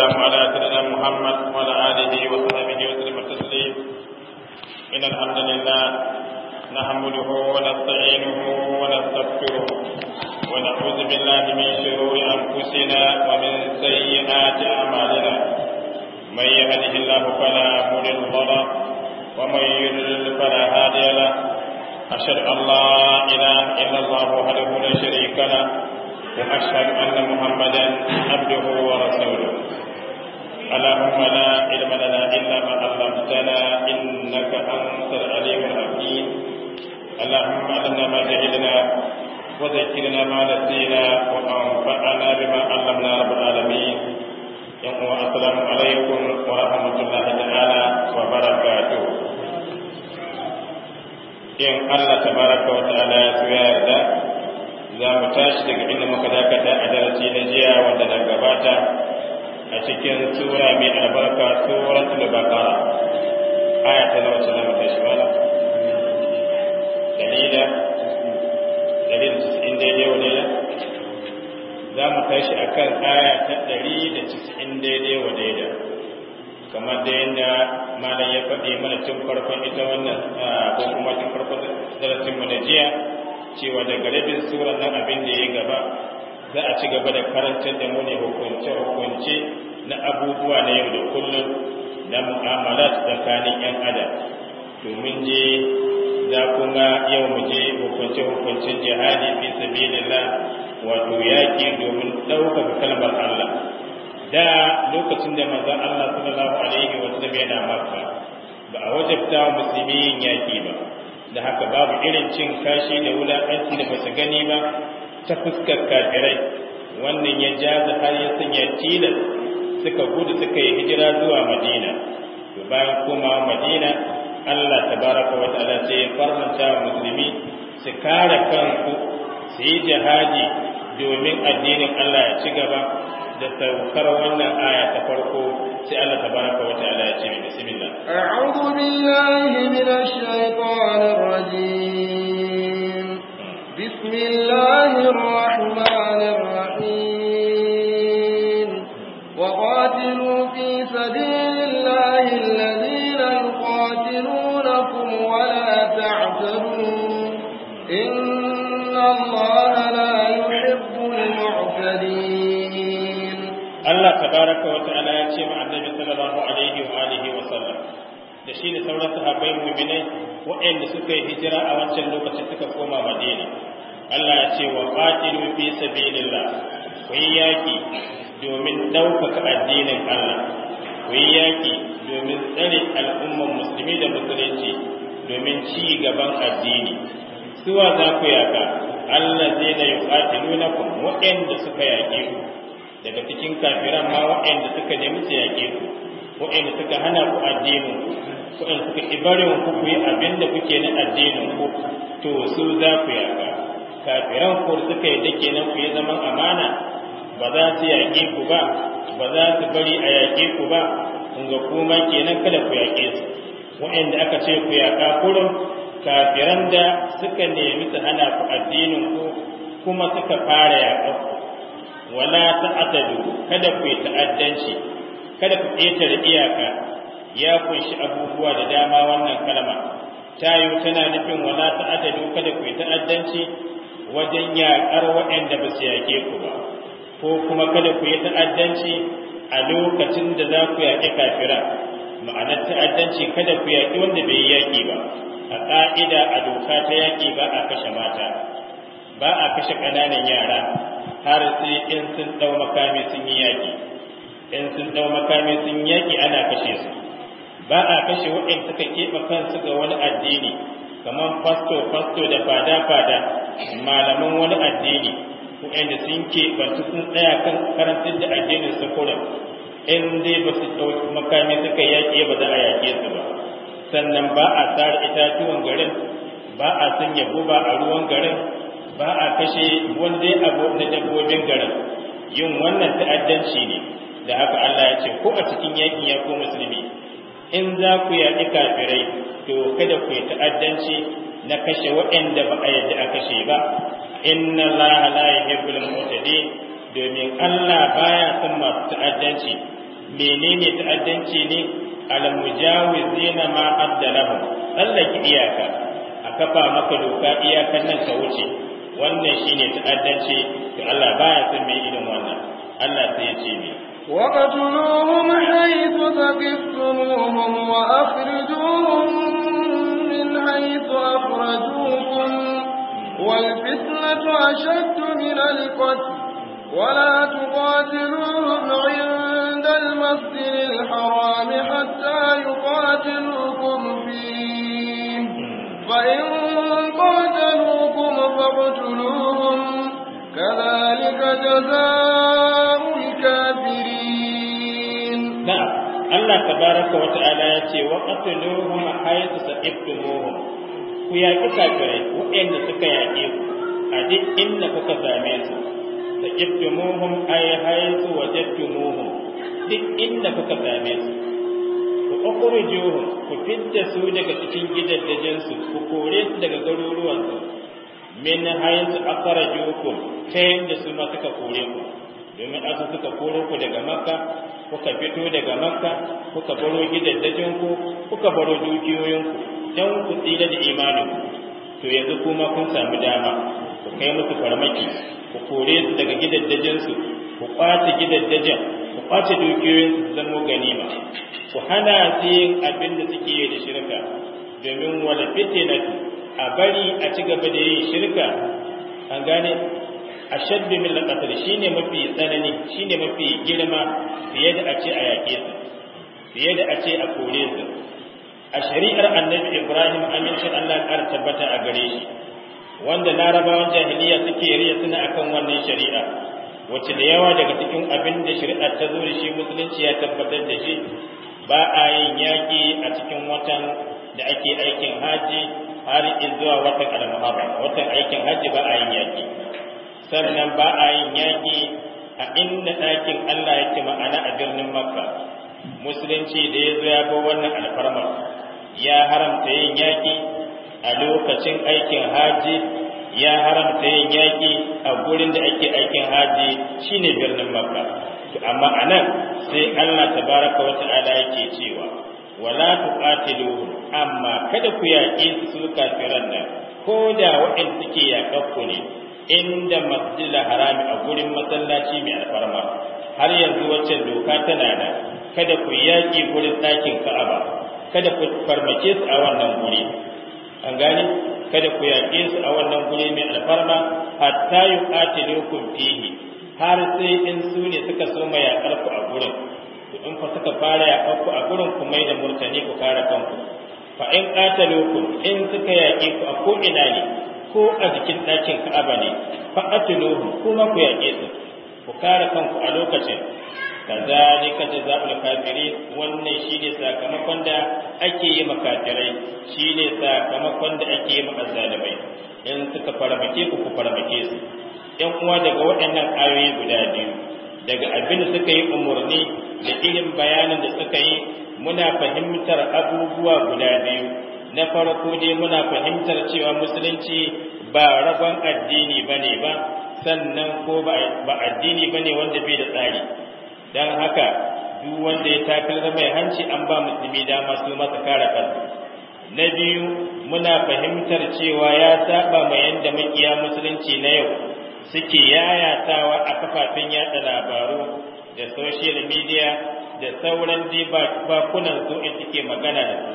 والسلام على سيدنا محمد وعلى آله وصحبه وسلم التسليم إن الحمد لله نحمده ونستعينه ونستغفره ونعوذ بالله من شرور أنفسنا ومن سيئات أعمالنا من يهده الله فلا مضل له ومن يضلل فلا هادي له أشهد أن لا إله إلا الله وحده لا شريك له وأشهد أن محمدا عبده ورسوله اللهم لا علم لنا إلا ما علمتنا إنك أنت العليم الحكيم اللهم علمنا ما جهلنا وذكرنا ما نسينا وأنفعنا بما علمنا رب العالمين يقول السلام عليكم ورحمة الله تعالى وبركاته in Allah tabaraka wa ta'ala ya so ya yarda za mu tashi daga inda muka dakata a darasi na jiya wanda na gabata cikin sura mai albarka suratul baqara aya ta nawa ce nawa ta shimala dalila dalil in daidai yau na za mu tashi akan aya ta ɗari da cikin daidai wa daida kamar da yadda malam ya faɗi mana tun farkon ita wannan ko kuma tun farkon darasin mu na jiya cewa daga rabin suran nan abin da ya gaba za a ci gaba da karantar da mu ne hukunce hukunce na abubuwa na yau da kullum na mu'amalat tsakanin yan adam domin je za kuma yau mu je hukunce-hukuncen jihadi fi sabilillah wato yaƙi domin ɗaukaka kalmar Allah da lokacin da manzon Allah sallallahu alaihi wa sallam yana maka ba a wajabta musulmi yin yaƙi ba da haka babu irin cin kashi da wulaƙanci da basu gani ba ta fuskar kafirai wannan ya jaza har ya sanya tilas suka gudu suka yi hijira zuwa madina to bayan komawa madina Allah Ta tabaraka wa ta'ala sai ya farlanta musulmi su kare kanku su yi jihadi domin addinin Allah ya ci gaba da saukar wannan aya ta farko sai Allah tabaraka wa ta'ala ya ce bismillah a'udhu billahi minash shaitanir rajim bismillahir rahmanir rahim وقاتلوا في سبيل الله الذين يقاتلونكم ولا تعتدوا إن الله لا يحب المعتدين الله تبارك وتعالى يتشي مع النبي صلى الله عليه وآله وسلم da shi da sauran sahabbai muminai waɗanda suka yi hijira a wancan lokacin suka koma madina Allah ya ce wa qatilu fi sabilillah ku yi yaki domin ɗaukaka addinin Allah ku yi yaƙi domin tsare al'umman musulmi da musulunci domin ci gaban addini suwa za ku yaƙa Allah zai na yuƙatilu nuna ku, waɗanda suka yaƙe ku daga cikin kafiran ma waɗanda suka nemi su yaƙe ku waɗanda suka hana ku addinin ku waɗanda suka ibarin ku ku yi abin da kuke na addinin ku to su za ku yaƙa kafiran ku suka yi dake nan ku yi zaman amana ba za su yaƙe ku ba ba za su bari a yaƙe ku ba kun ga kuma kenan kada ku yaƙe su wa'anda aka ce ku yaƙa kurin kafiran da suka nemi su hana ku addinin ku kuma suka fara yaƙa ku wala ta'tadu kada ku yi ta'addanci kada ku ƙetare iyaka ya kunshi abubuwa da dama wannan kalma tayo tana nufin wala ta'tadu kada ku yi ta'addanci wajen yaƙar waɗanda ba su yaƙe ku ba ko kuma kada ku yi ta'addanci a lokacin da za ku yaƙi kafira ma'anar ta'addanci kada ku yaƙi wanda bai yaƙi ba a ƙa'ida a doka ta yaƙi ba a kashe mata ba a kashe ƙananan yara har sai in sun ɗau makami sun yi yaƙi in sun ɗau makami sun yaƙi ana kashe su ba a kashe waɗanda suka keɓe kansu ga wani addini kamar fasto fasto da fada fada malaman wani addini waɗanda sun su sun tsaya kan karantar da addinin su in dai ba su ɗauki makami suka yaƙe ba za a yaƙe su ba sannan ba a tsara itatuwan garin ba a sanya guba a ruwan garin ba a kashe wani dai abu na dabbobin garin yin wannan ta'addanci ne da haka Allah ya ce ko a cikin yaƙin ya ko musulmi in za ku yaƙi kafirai to kada ku yi ta'addanci na kashe waɗanda ba a yadda a kashe ba inna allaha la yuhibbul mu'tadin domin Allah baya son masu ta'addanci menene ta'addanci ne al mujawizina ma addalahu tsallake iyaka a kafa maka doka iyakan nan ka wuce wannan shine ta'addanci to Allah baya son mai irin wannan Allah sai ya ce ni وقتلوهم حيث ثقفتموهم وأخرجوهم من حيث أخرجوكم والفتنة أشد من القتل ولا تقاتلوهم عند المسجد الحرام حتى يقاتلوكم فيه فإن قاتلوكم فاقتلوهم كذلك جزاء الكافرين نعم الله تبارك وتعالى يقول وقتلوهم حيث سئبتموهم ku yaƙi kafirai waɗanda suka yaƙe ku a duk inda kuka same su da ƙiftumuhum ay haythu wajadtumuhum duk inda kuka same su ku juhu, ku fitta su daga cikin gidajen su ku kore su daga garuruwan su min haythu akhrajukum ta yanda su ma suka kore ku domin aka suka kore ku daga makka kuka fito daga makka kuka baro gidajen ku kuka baro dukiyoyin ku don ku tsira da imanin to yanzu kuma kun samu dama ku kai musu farmaki ku kore su daga gidajensu ku kwace gidajen ku kwace dukiyoyin su zamo ganima ku hana su yin abin da suke yi da shirka domin wala fitina a bari a ci gaba da yin shirka an gane ashaddu min al shine mafi tsanani shine mafi girma fiye da a ce a yaƙe su fiye da a ce a kore su a shari'ar annabi ibrahim amincin allah ƙara tabbata a gare shi wanda larabawan jahiliya suke riya suna akan wannan shari'a wacce da yawa daga cikin abin da shari'a ta zo da shi musulunci ya tabbatar da shi ba a yin yaƙi a cikin watan da ake aikin haji har zuwa watan almuharram watan aikin haji ba a yin yaƙi sannan ba a yin yaƙi a inda ɗakin Allah yake ma'ana a birnin Makka musulunci da ya zo ya wannan alfarmar ya haramta yin yaƙi a lokacin aikin haji ya haramta yin yaki a gurin da ake aikin haji shine birnin makka amma anan sai Allah tabaraka wa ta'ala yake cewa wala tuqatilu amma kada ku yaƙi su kafiran nan ko da waɗanda suke yaƙakku ne inda masjidil harami a gurin masallaci mai alfarma har yanzu wacce doka tana da kada ku yaƙi gurin ɗakin Ka'aba kada ku farmake su a wannan guri an gani kada ku yaƙe su a wannan guri mai alfarma hatta ku fihi har sai in su ne suka so ma yaƙar ku a gurin to in fa suka fara yaƙar ku a gurin ku mai da murtani ku kare kanku fa in ku in suka yaƙe ku a ko ne ko a jikin ɗakin Ka'aba ne fa atiluhum kuma ku yaƙe su ku kare kanku a lokacin kazalika jazaul kafiri wannan shine sakamakon da ake yi makafirai shine sakamakon da ake yi ma in suka farmake ku ku farmake su yan uwa daga waɗannan ayoyi guda biyu daga abin da suka yi umarni da irin bayanin da suka yi muna fahimtar abubuwa guda biyu na farko dai muna fahimtar cewa musulunci ba rabon addini bane ba sannan ko ba addini bane wanda bai da tsari dan haka duk wanda ya takalma mai hanci an ba musulmi dama su masa kara kansu na biyu muna fahimtar cewa ya saba mai yanda makiya musulunci na yau suke yayatawa a kafafen yada labaru da social media da sauran bakunan su in suke magana da su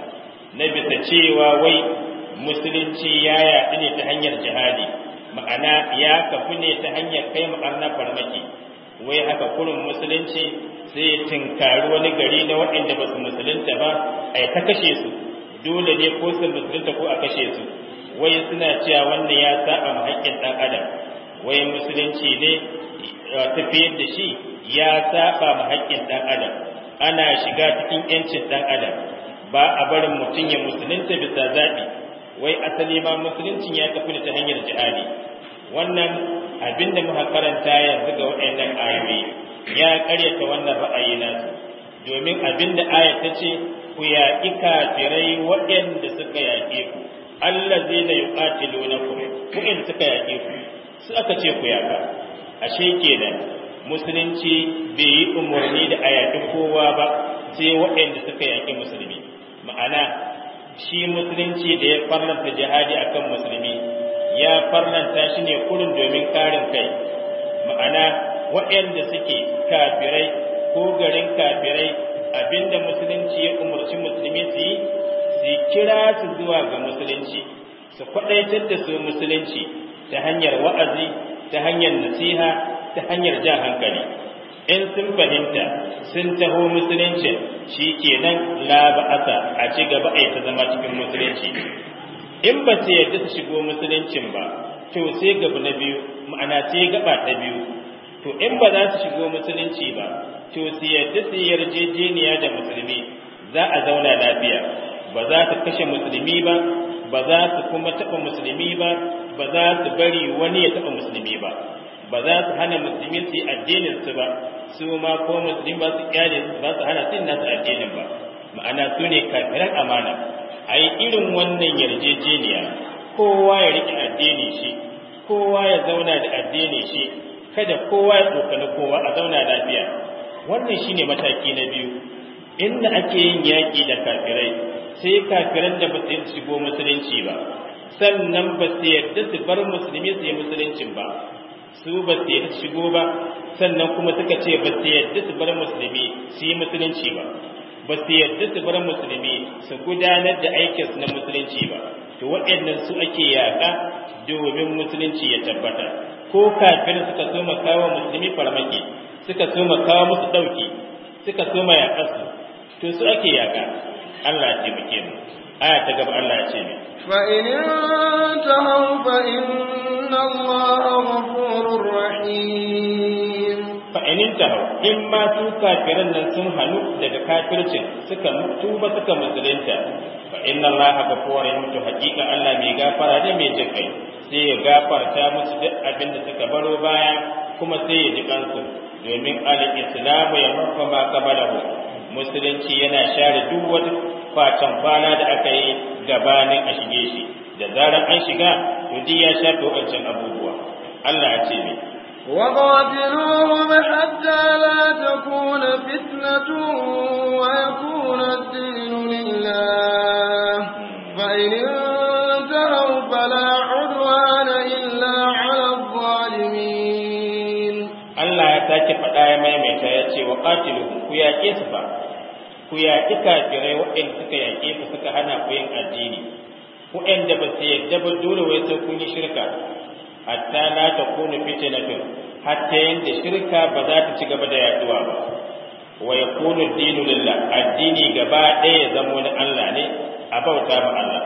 na bisa cewa wai musulunci ya yaɗu ne ta hanyar jihadi ma'ana ya kafu ne ta hanyar kai ma'arna farmaki wai haka kurin musulunci sai ya tinkari wani gari na waɗanda ba su musulunta ba a ta kashe su dole ne ko su musulunta ko a kashe su wai suna cewa wannan ya saba ma haƙƙin ɗan adam wai musulunci ne tafiyar da shi ya saba ma haƙƙin ɗan adam ana shiga cikin ‘yancin ɗan adam ba a barin mutum ya musulunta bisa zaɓi wai asali ma musuluncin ya tafi da ta hanyar jihadi wannan abinda muka karanta yanzu ga waannan ayoyi ya karyata wannan ra'ayi nasu domin abinda aya ta ce ku yaƙi kafirai waɗanda suka yaƙe ku Allah zai allazi lona ku in suka yaƙe ku su aka ce ku yaƙa ashe da musulunci bai yi umarni da a yaƙi kowa ba sai waɗanda suka yaƙi musulmi ma'ana shi musulunci da ya farlanta jihadi akan musulmi ya farlanta shi ne kurin domin karin kai ma'ana waɗanda suke kafirai ko garin kafirai abinda musulunci ya umarci musulmi su yi su kira su zuwa ga musulunci su kwadaitar da su musulunci ta hanyar wa'azi ta hanyar nasiha ta hanyar jan hankali in sun fahimta sun taho musulunci shi kenan la ba'asa a ci gaba a ta zama cikin musulunci in ba ta yarda su shigo musuluncin ba to sai gaba na biyu ma'ana sai gaba ta biyu to in ba za su shigo musulunci ba to sai yarda su yarjejeniya da musulmi za a zauna lafiya ba za su kashe musulmi ba ba za su kuma taɓa musulmi ba ba za su bari wani ya taɓa musulmi ba ba za su hana musulmi su yi addinin su ba su ma ko musulmi ba su kyale ba su hana su nasu addinin ba ma'ana su ne kafiran amana ai irin wannan yarjejeniya kowa ya riƙe addini shi kowa ya zauna da addini shi kada kowa ya tsokani kowa a zauna lafiya wannan shine mataki na biyu inda ake yin yaƙi da kafirai sai kafiran da ba su shigo musulunci ba sannan ba su yarda su bar musulmi su yi musuluncin ba su ba su yarda shigo ba sannan kuma suka ce ba su yarda su bar musulmi su yi musulunci ba ba su yadda su bar musulmi su gudanar da aikinsu na musulunci ba to waɗannan su ake yaƙa domin musulunci ya tabbata ko kafin suka so kawo musulmi farmaki suka so kawo musu ɗauki suka so ma yaƙarsu to su ake yaƙa Allah ya taimake mu aya ta gaba Allah ya ce ne fa in tahaw fa inna Allah ghafurur rahim fa'inin tahau in ma su kafiran nan sun hanu daga kafircin suka tuba suka musulunta fa inna allaha ghafurun rahim hakika Allah mai gafara ne mai jinkai sai ya gafarta musu duk abin da suka baro baya kuma sai ya ji kansu domin al-islam ya marfa ma qabalahu musulunci yana share duk wata fatan kwana da aka yi gabanin a shige shi da zarar an shiga to ya shafe wancan abubuwa Allah ya ce mai وقاتلوهم حتى لا تكون فتنة ويكون الدين لله فإن انتهوا فلا عدوان إلا على الظالمين الله يتاكي فتاة ميميتا يتشي وقاتلوهم كيا كيسفا كيا كافرين وإن سكيا كيف سكهنا فين الدين وإن دبسي دبل دول ويسكوني شركا hatta la na fitnatun hatta yinda shirka ba za ta ci gaba da yaduwa ba wa yakunu ad-dinu lillah addini gaba ɗaya ya zamo na Allah ne a bauta ba Allah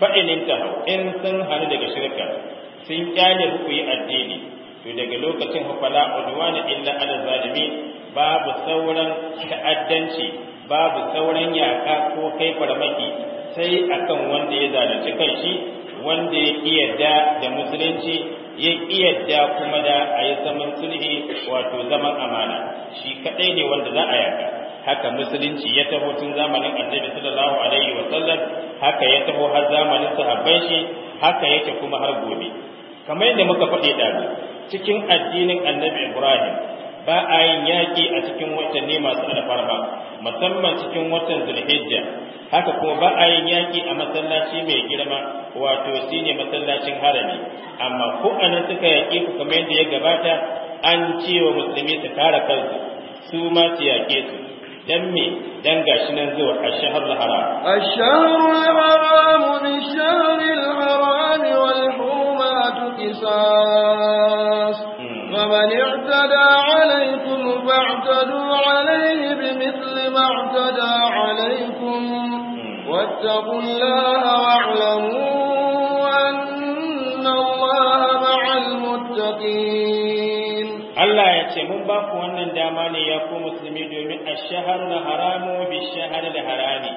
fa in hau in sun hannu daga shirka sun kyale ku yi addini to daga lokacin hafala udwana illa ala zalimin babu sauran ta'addanci babu sauran yaka ko kai farmaki sai akan wanda ya zalunci kanshi wanda ya iyadda da musulunci ya iyadda kuma da a yi zaman sulhi wato zaman amana shi kaɗai ne wanda za a yaka haka musulunci ya taho tun zamanin annabi sallallahu alaihi wa sallam haka ya taho har zamanin sahabban shi haka yake kuma har gobe kamar yadda muka faɗi da cikin addinin annabi ibrahim ba a yin yaƙi a cikin watanni masu ba, musamman cikin watan zulhijja haka kuma ba a yin yaƙi a masallaci mai girma wato shine masallacin harami amma ko anan suka yaƙi ku kamar yadda ya gabata an cewa musulmi su kare kansu su ma su yaƙe su dan me dan gashi nan zuwa ashharul haram ashharul haram min haram wal humat qisas hmm. faman i'tada عليكم فاعتدوا عليه بمثل ما اعتدى عليكم واتقوا الله واعلموا أن الله مع المتقين الله يتمم باكو wannan dama ne ya ku musulmi domin ash-shahrul haramu bish-shahril harami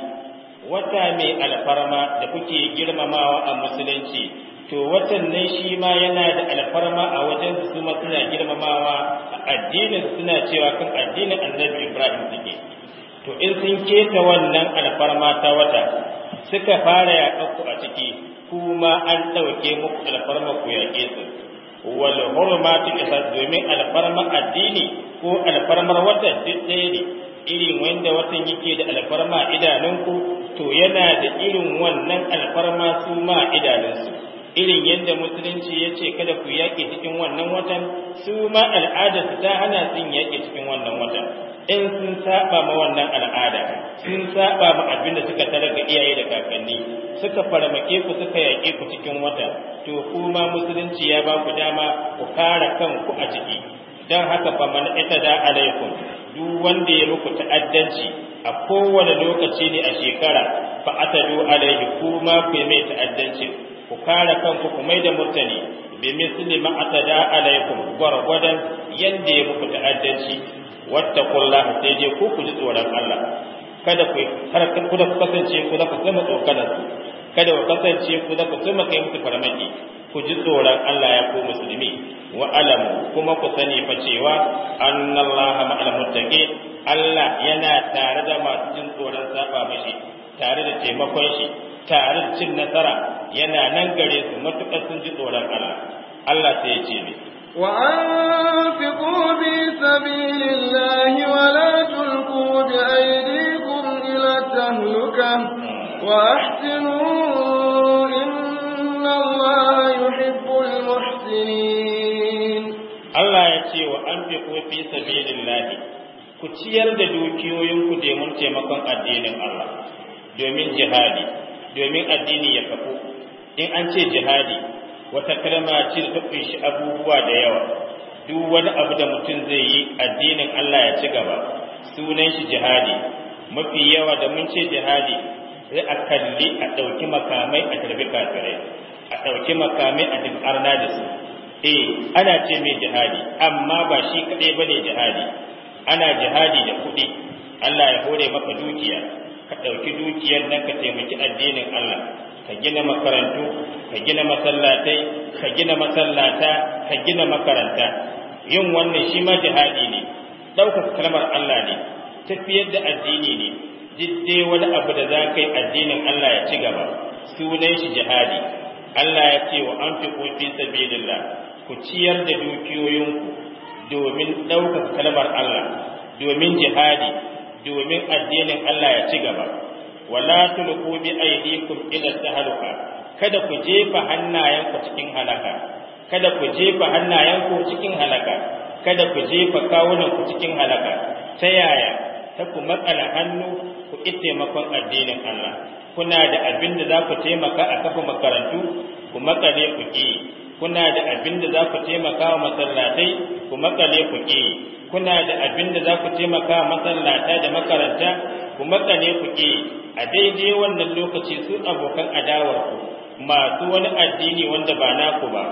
wata mai alfarma da kuke girmamawa a musulunci to watan nan shi ma yana da alfarma a wajen su ma suna girmamawa a addinin suna cewa kan addinin annabi ibrahim suke to in sun keta wannan alfarma ta wata suka fara yaƙanku a ciki kuma an ɗauke muku alfarma ku yaƙe su wal hurmatu kasa domin alfarma addini ko alfarmar watan duk ɗaya ne irin wanda watan yake da alfarma idanunku to yana da irin wannan alfarma su ma idanunsu irin yadda musulunci ya ce kada ku yaƙi cikin wannan watan su ma al'ada su ta hana sun yaƙi cikin wannan watan in sun saba ma wannan al'ada sun saba ma abin da suka tarar ga iyaye da kakanni suka farmake ku suka yaƙe ku cikin wata to kuma musulunci ya ba ku dama ku kare kanku a ciki don haka fa man itada alaikum duk wanda ya muku ta'addanci a kowane lokaci ne a shekara fa atadu alaihi kuma ku yi mai ta'addanci. ku kare kanku ku mai da murtani bi misli ma atada alaikum gargwadan yanda ya muku ta'addanci wattaqullaha sai je ku ku ji tsoron Allah kada ku harkar ku da ku kasance ku da ku tsama tsokanar ku kada ku kasance ku da ku tsama kai musu farmaki ku ji tsoron Allah ya ku musulmi wa alam kuma ku sani fa cewa annallaha ma'al muttaqin Allah yana tare da masu jin tsoron safa mishi tare da taimakon shi tare cin nasara yana nan gare su matuƙar sun ji tsoron Allah Allah sai ya ce ne وأنفقوا في سبيل الله ولا تلقوا بأيديكم إلى التهلكة وأحسنوا إن الله يحب المحسنين الله يتي وأنفقوا في سبيل الله ku ciyar da dukiyoyinku domin taimakon addinin Allah domin jihadi domin addini ya kafu in an ce jihadi wata kalma ce da ta kunshi abubuwa da yawa duk wani abu da mutum zai yi addinin Allah ya ci gaba sunan shi jihadi mafi yawa da mun ce jihadi sai a kalli a ɗauki makamai a tarbi kafirai a ɗauki makamai a duk arna da su eh ana ce mai jihadi amma ba shi kaɗai ba ne jihadi ana jihadi da kuɗi Allah ya hore maka dukiya ka ɗauki dukiyar nan ka taimaki addinin Allah ka gina makarantu ka gina masallatai ka gina masallata ka gina makaranta yin wannan shi ma jihadi ne ɗaukaka kalmar Allah ne tafiyar da addini ne diddai wani abu da za ka yi addinin Allah ya ci gaba sunan shi jihadi Allah ya ce wa an fi fi sabilillah ku ciyar da dukiyoyinku domin ɗaukaka kalmar Allah domin jihadi domin addinin Allah ya ci gaba wala tulku bi aydikum ila tahluka kada ku jefa hannayenku cikin halaka kada ku jefa hannayenku cikin halaka kada ku jefa kawunanku cikin halaka ta yaya ta ku matsala hannu ku ƙi taimakon addinin Allah kuna da abin da za ku taimaka a kafa makarantu ku matsale ku ƙi kuna da abin da za ku taimaka wa masallatai ku makale ku ke kuna da abin da za ku taimaka wa masallata da makaranta ku makale ku ke a daidai wannan lokaci su abokan adawarku masu wani addini wanda ba naku ba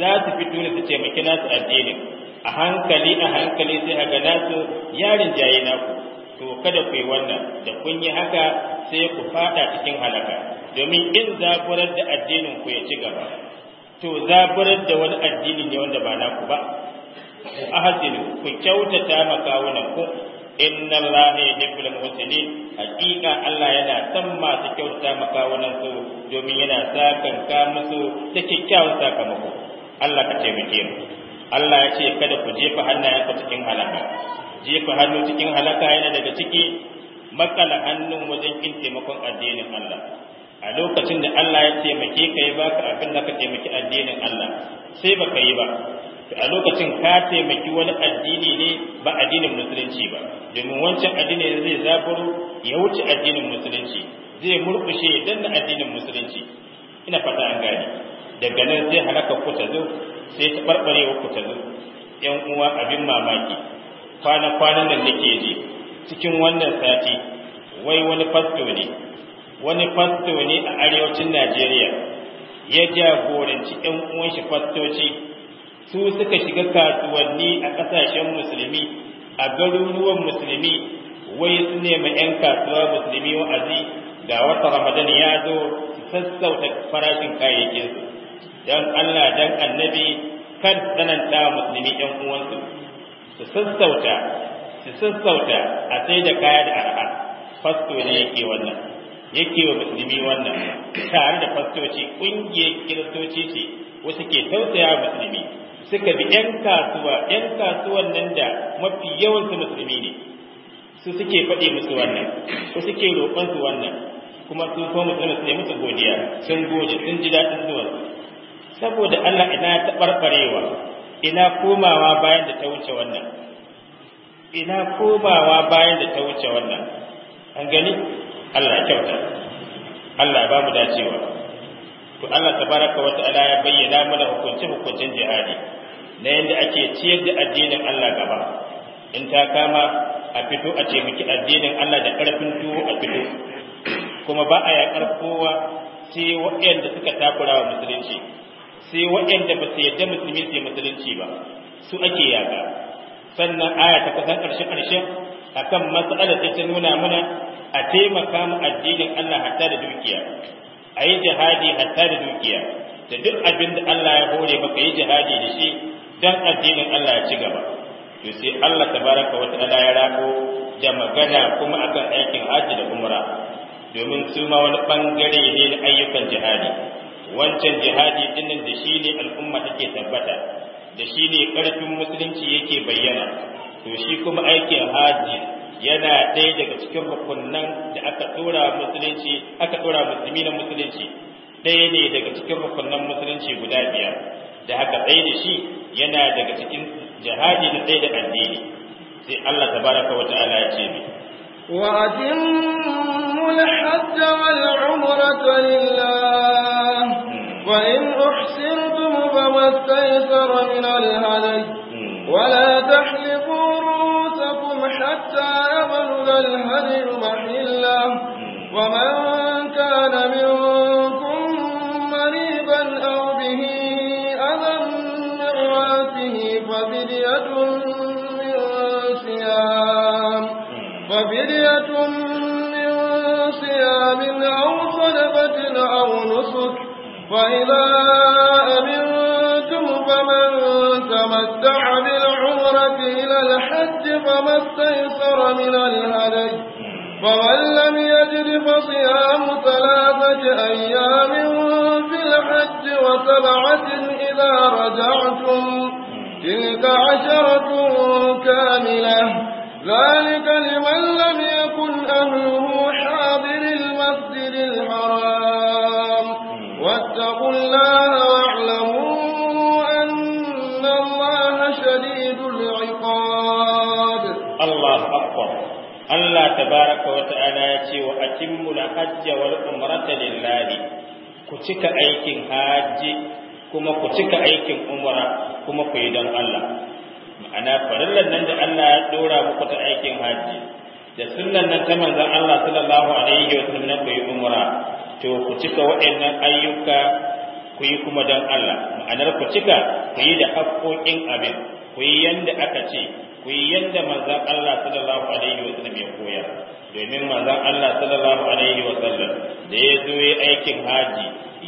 za su fito ne su taimaki nasu addinin a hankali a hankali sai a ga nasu yarin jaye naku to kada ku yi wannan da kun yi haka sai ku fada cikin halaka domin in zaburar da addinin ku ya ci gaba to zaburar da wani addini ne wanda ba naku ba ahsinu ku kyautata makawunan ku inna allaha yuhibbul muhsinin Hakika Allah yana son masu kyautata makawunan su domin yana sakan ka musu ta kyakkyawan sakamako Allah ka taimake mu Allah ya ce kada ku jefa ku cikin halaka jefa hannu cikin halaka yana daga ciki makala hannun wajen kin taimakon addinin Allah a lokacin da Allah ya taimake ka yi baka abin da ka taimaki addinin Allah sai baka yi ba a lokacin ka taimaki wani addini ne ba addinin musulunci ba domin wancan addini ne zai zafaro ya wuce addinin musulunci zai murkushe ya danna addinin musulunci ina fata an gane daga nan sai halaka ku zo sai ta barbare ku ta zo yan uwa abin mamaki kwana kwanan nan nake ji cikin wannan sati wai wani fasto ne wani fasto ne a arewacin Najeriya ya jagoranci ‘yan uwanshi shi fastoci su suka shiga kasuwanni a ƙasashen musulmi a garuruwan musulmi wai su nema ‘yan kasuwa musulmi wa'azi ga wata ramadan ya zo su sassauta farashin kayayyakinsu don Allah don annabi kan tsananta musulmi ‘yan uwansu su sassauta su sassauta a sai da kaya da arha fasto ne yake wannan yake wa musulmi wannan tare da fastoci ƙungiyar kiristoci ce wasu ke tausaya musulmi suka bi 'yan kasuwa 'yan kasuwan nan da mafi yawansu musulmi ne su suke faɗi musu wannan su suke roƙon su wannan kuma sun so musulmi su musu godiya sun goje sun ji daɗin zuwan saboda Allah ina taɓarɓarewa ina komawa bayan da ta wuce wannan ina komawa bayan da ta wuce wannan an gani Allah kyauta Allah ba mu dacewa to Allah tabaraka wa ta'ala ya bayyana mana hukunci hukuncin jihadi na yadda ake ciyar da addinin Allah gaba in ta kama a fito a ce miki addinin Allah da karfin tuwo a fito kuma ba a yaƙar kowa sai waɗanda suka takura wa musulunci sai waɗanda ba su yarda musulmi su musulunci ba su ake yaƙa sannan aya ta kusan ƙarshe ƙarshen akan matsalar da ta nuna mana a taimaka mu addinin Allah hatta da dukiya a yi jihadi hatta da dukiya da duk abin da Allah ya hore maka yi jihadi da shi dan addinin Allah ya ci gaba to sai Allah tabaraka wa ta'ala ya rako da magana kuma akan aikin haji da umra domin su ma wani bangare ne na ayyukan jihadi wancan jihadi dinnan da shi ne al'umma take tabbata da shi ne ƙarfin musulunci yake bayyana to shi kuma aikin haji yana ɗaya daga cikin rukunnan da aka dora musulunci aka dora musulmi na musulunci ɗaya ne daga cikin rukunnan musulunci guda biyar da haka ɗaya da shi yana daga cikin jihadi da ɗaya da addini sai Allah tabaraka wata'ala ya ce mi وأتموا الحج والعمرة لله وإن أحسنتم فما استيسر من الهدي ولا تحلقوا رؤوسكم حتى يبلغ الهدي محله ومن كان منكم مريبا أو به أذى من رأسه ففدية من صيام ففدية من صيام أو صدقة أو نسك فإذا أمنتم فمن تمتع بالعمرة إلى الحج فما استيسر من الهدي فمن لم يجد فصيام ثلاثة أيام في الحج وسبعة إذا رجعتم تلك عشرة كاملة ذلك لمن لم يكن tabaraka wa ta'ala ya ce wa atimmul hajja wal umrata lillahi ku cika aikin haji kuma ku cika aikin umra kuma ku yi don Allah ma'ana farillan nan da Allah ya dora muku ta aikin haji da sunnan nan ta manzon Allah sallallahu alaihi wa sallam ku yi umra to ku cika waɗannan ayyuka ku yi kuma don Allah ma'anar ku cika ku yi da haƙoƙin abin ku yi yanda aka ce ku yi yadda manzan Allah sallallahu alaihi wa sallam ya koya domin manzan Allah sallallahu alaihi wa sallam da ya zo yi aikin haji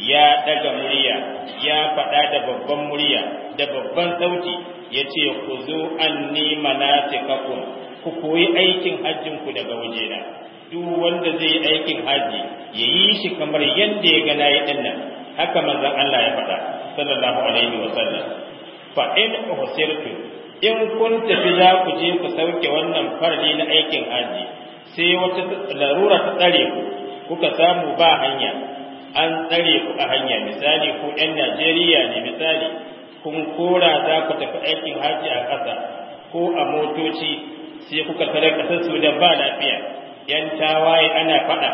ya daga murya ya faɗa da babban murya da babban sauti ya ce ku zo an anni manatikakum ku koyi aikin hajjin ku daga na, duk wanda zai yi aikin haji ya yi shi kamar yadda ya gana ya dinnan haka manzan Allah ya faɗa sallallahu alaihi wa sallam fa in uhsirtu in kun tafi za ku je ku sauke wannan farli na aikin haji sai wata larura ta tsare ku kuka samu ba hanya an tsare ku a hanya misali ko 'yan Najeriya ne misali kun kora za ku tafi aikin haji a ƙasa ko a motoci sai kuka tare ƙasar Sudan ba lafiya ‘yan tawaye ana faɗa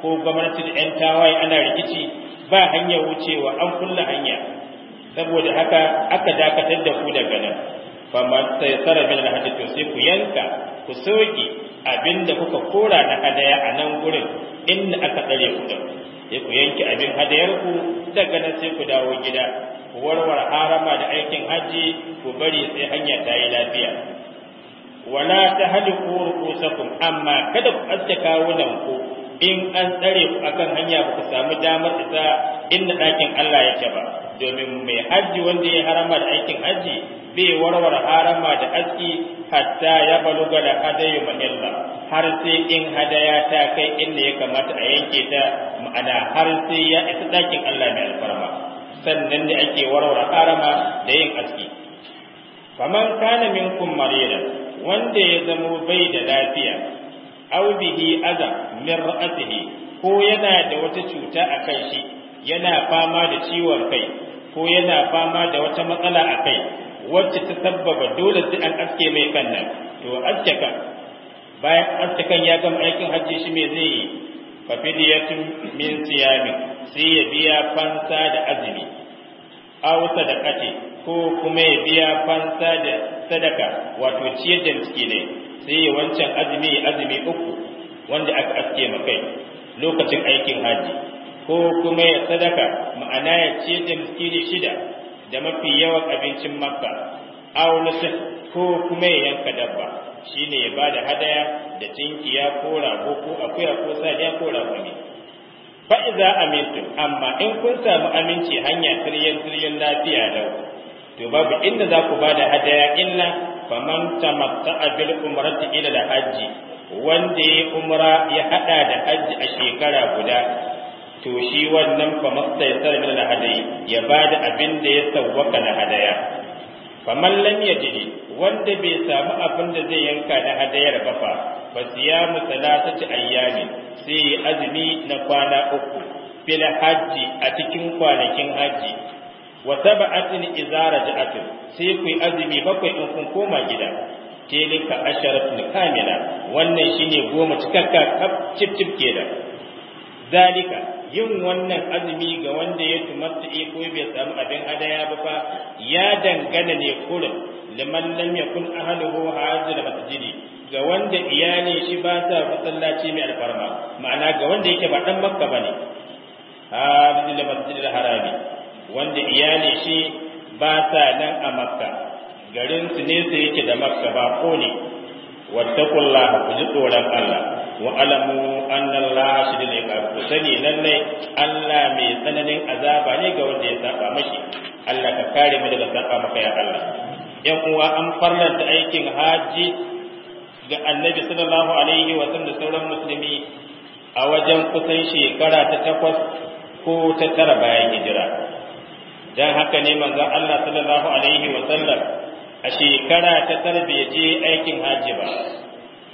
ko gwamnati da ‘yan tawaye ana rikici ba hanyar wucewa an kulle hanya saboda haka aka dakatar da ku daga nan faman tsara min to sai ku yanka ku soke da kuka kora na hadaya a nan gurin inda aka tsare ku sai ku yanki abin hadayar ku daga nan sai ku dawo gida ku warware harama da aikin haji ku bari sai hanya ta yi lafiya wala ta tahliqu ru'usakum amma kada ku aske kawunan ku in an tsare ku akan hanya ba ku samu damar isa inda dakin Allah yake ba domin mai hajji wanda ya harama da aikin hajji bai warware harama da aski hatta ya baluga da hadayu mahilla har sai in hadaya ta kai inda ya kamata a yanke ta ma'ana har sai ya isa dakin Allah mai alfarma sannan da ake warware harama da yin aski faman kana minkum marida wanda ya zama bai da lafiya aw bihi adha min ra'atihi ko yana da wata cuta a kan shi yana fama da ciwon kai ko yana fama da wata matsala a kai wacce ta sabbaba dole sai an aske mai kan nan to aske kan bayan aske kan ya gama aikin hajji shi me zai yi fa fidiyatun min siyami sai ya biya fansa da azumi aw sadaqati ko kuma ya biya fansa da sadaka wato ciyar da ne sai ya wancan azumi azumi uku wanda aka aske kai lokacin aikin hajji ko kuma ya sadaka ma'ana ya ce da miskini shida da mafi yawan abincin makka aulusif ko kuma ya yanka dabba shi ne ya ba da hadaya da cinki ko rago ko akuya ko sadiya ko rago fa iza amma in kun samu aminci hanya tiryan tiryan lafiya lau to babu inda za ku ba da hadaya illa faman mata abin umrati ila da hajji wanda ya umra ya hada da hajji a shekara guda to shi wannan fa mastaysar min al-hadayi ya bada abin da ya sawwaka na hadaya faman lam yajid wanda bai samu abin da zai yanka na hadayar ba fa fa siyamu thalathati ayyami sai azumi na kwana uku fil hajji a cikin kwanakin hajji wa sab'atin idza raja'atun sai ku azumi bakwai in kun koma gida tilka asharatun kamila wannan shine goma cikakka cip cip kenan zalika yin wannan azumi ga wanda ya e ko bai samu abin adaya ba fa ya dangana ne kurin liman lam yakun ahluhu hazir masjidi ga wanda iyali shi ba ta masallaci mai alfarma ma'ana ga wanda yake ba dan makka bane hazir masjidil harami wanda iyali shi ba ta nan a makka garin su ne sai yake da makka ba ko ne wattaqullaha ku ji tsoron Allah wa alamu annal sani lallai Allah mai tsananin azaba ne ga wanda ya saba mashi Allah ka kare mu daga saba maka ya Allah yan uwa an farlanta aikin haji ga annabi sallallahu alaihi wa sallam da sauran musulmi a wajen kusan shekara ta takwas ko ta tara bayan hijira dan haka ne manzo Allah sallallahu alaihi wa sallam a shekara ta tara bai je aikin haji ba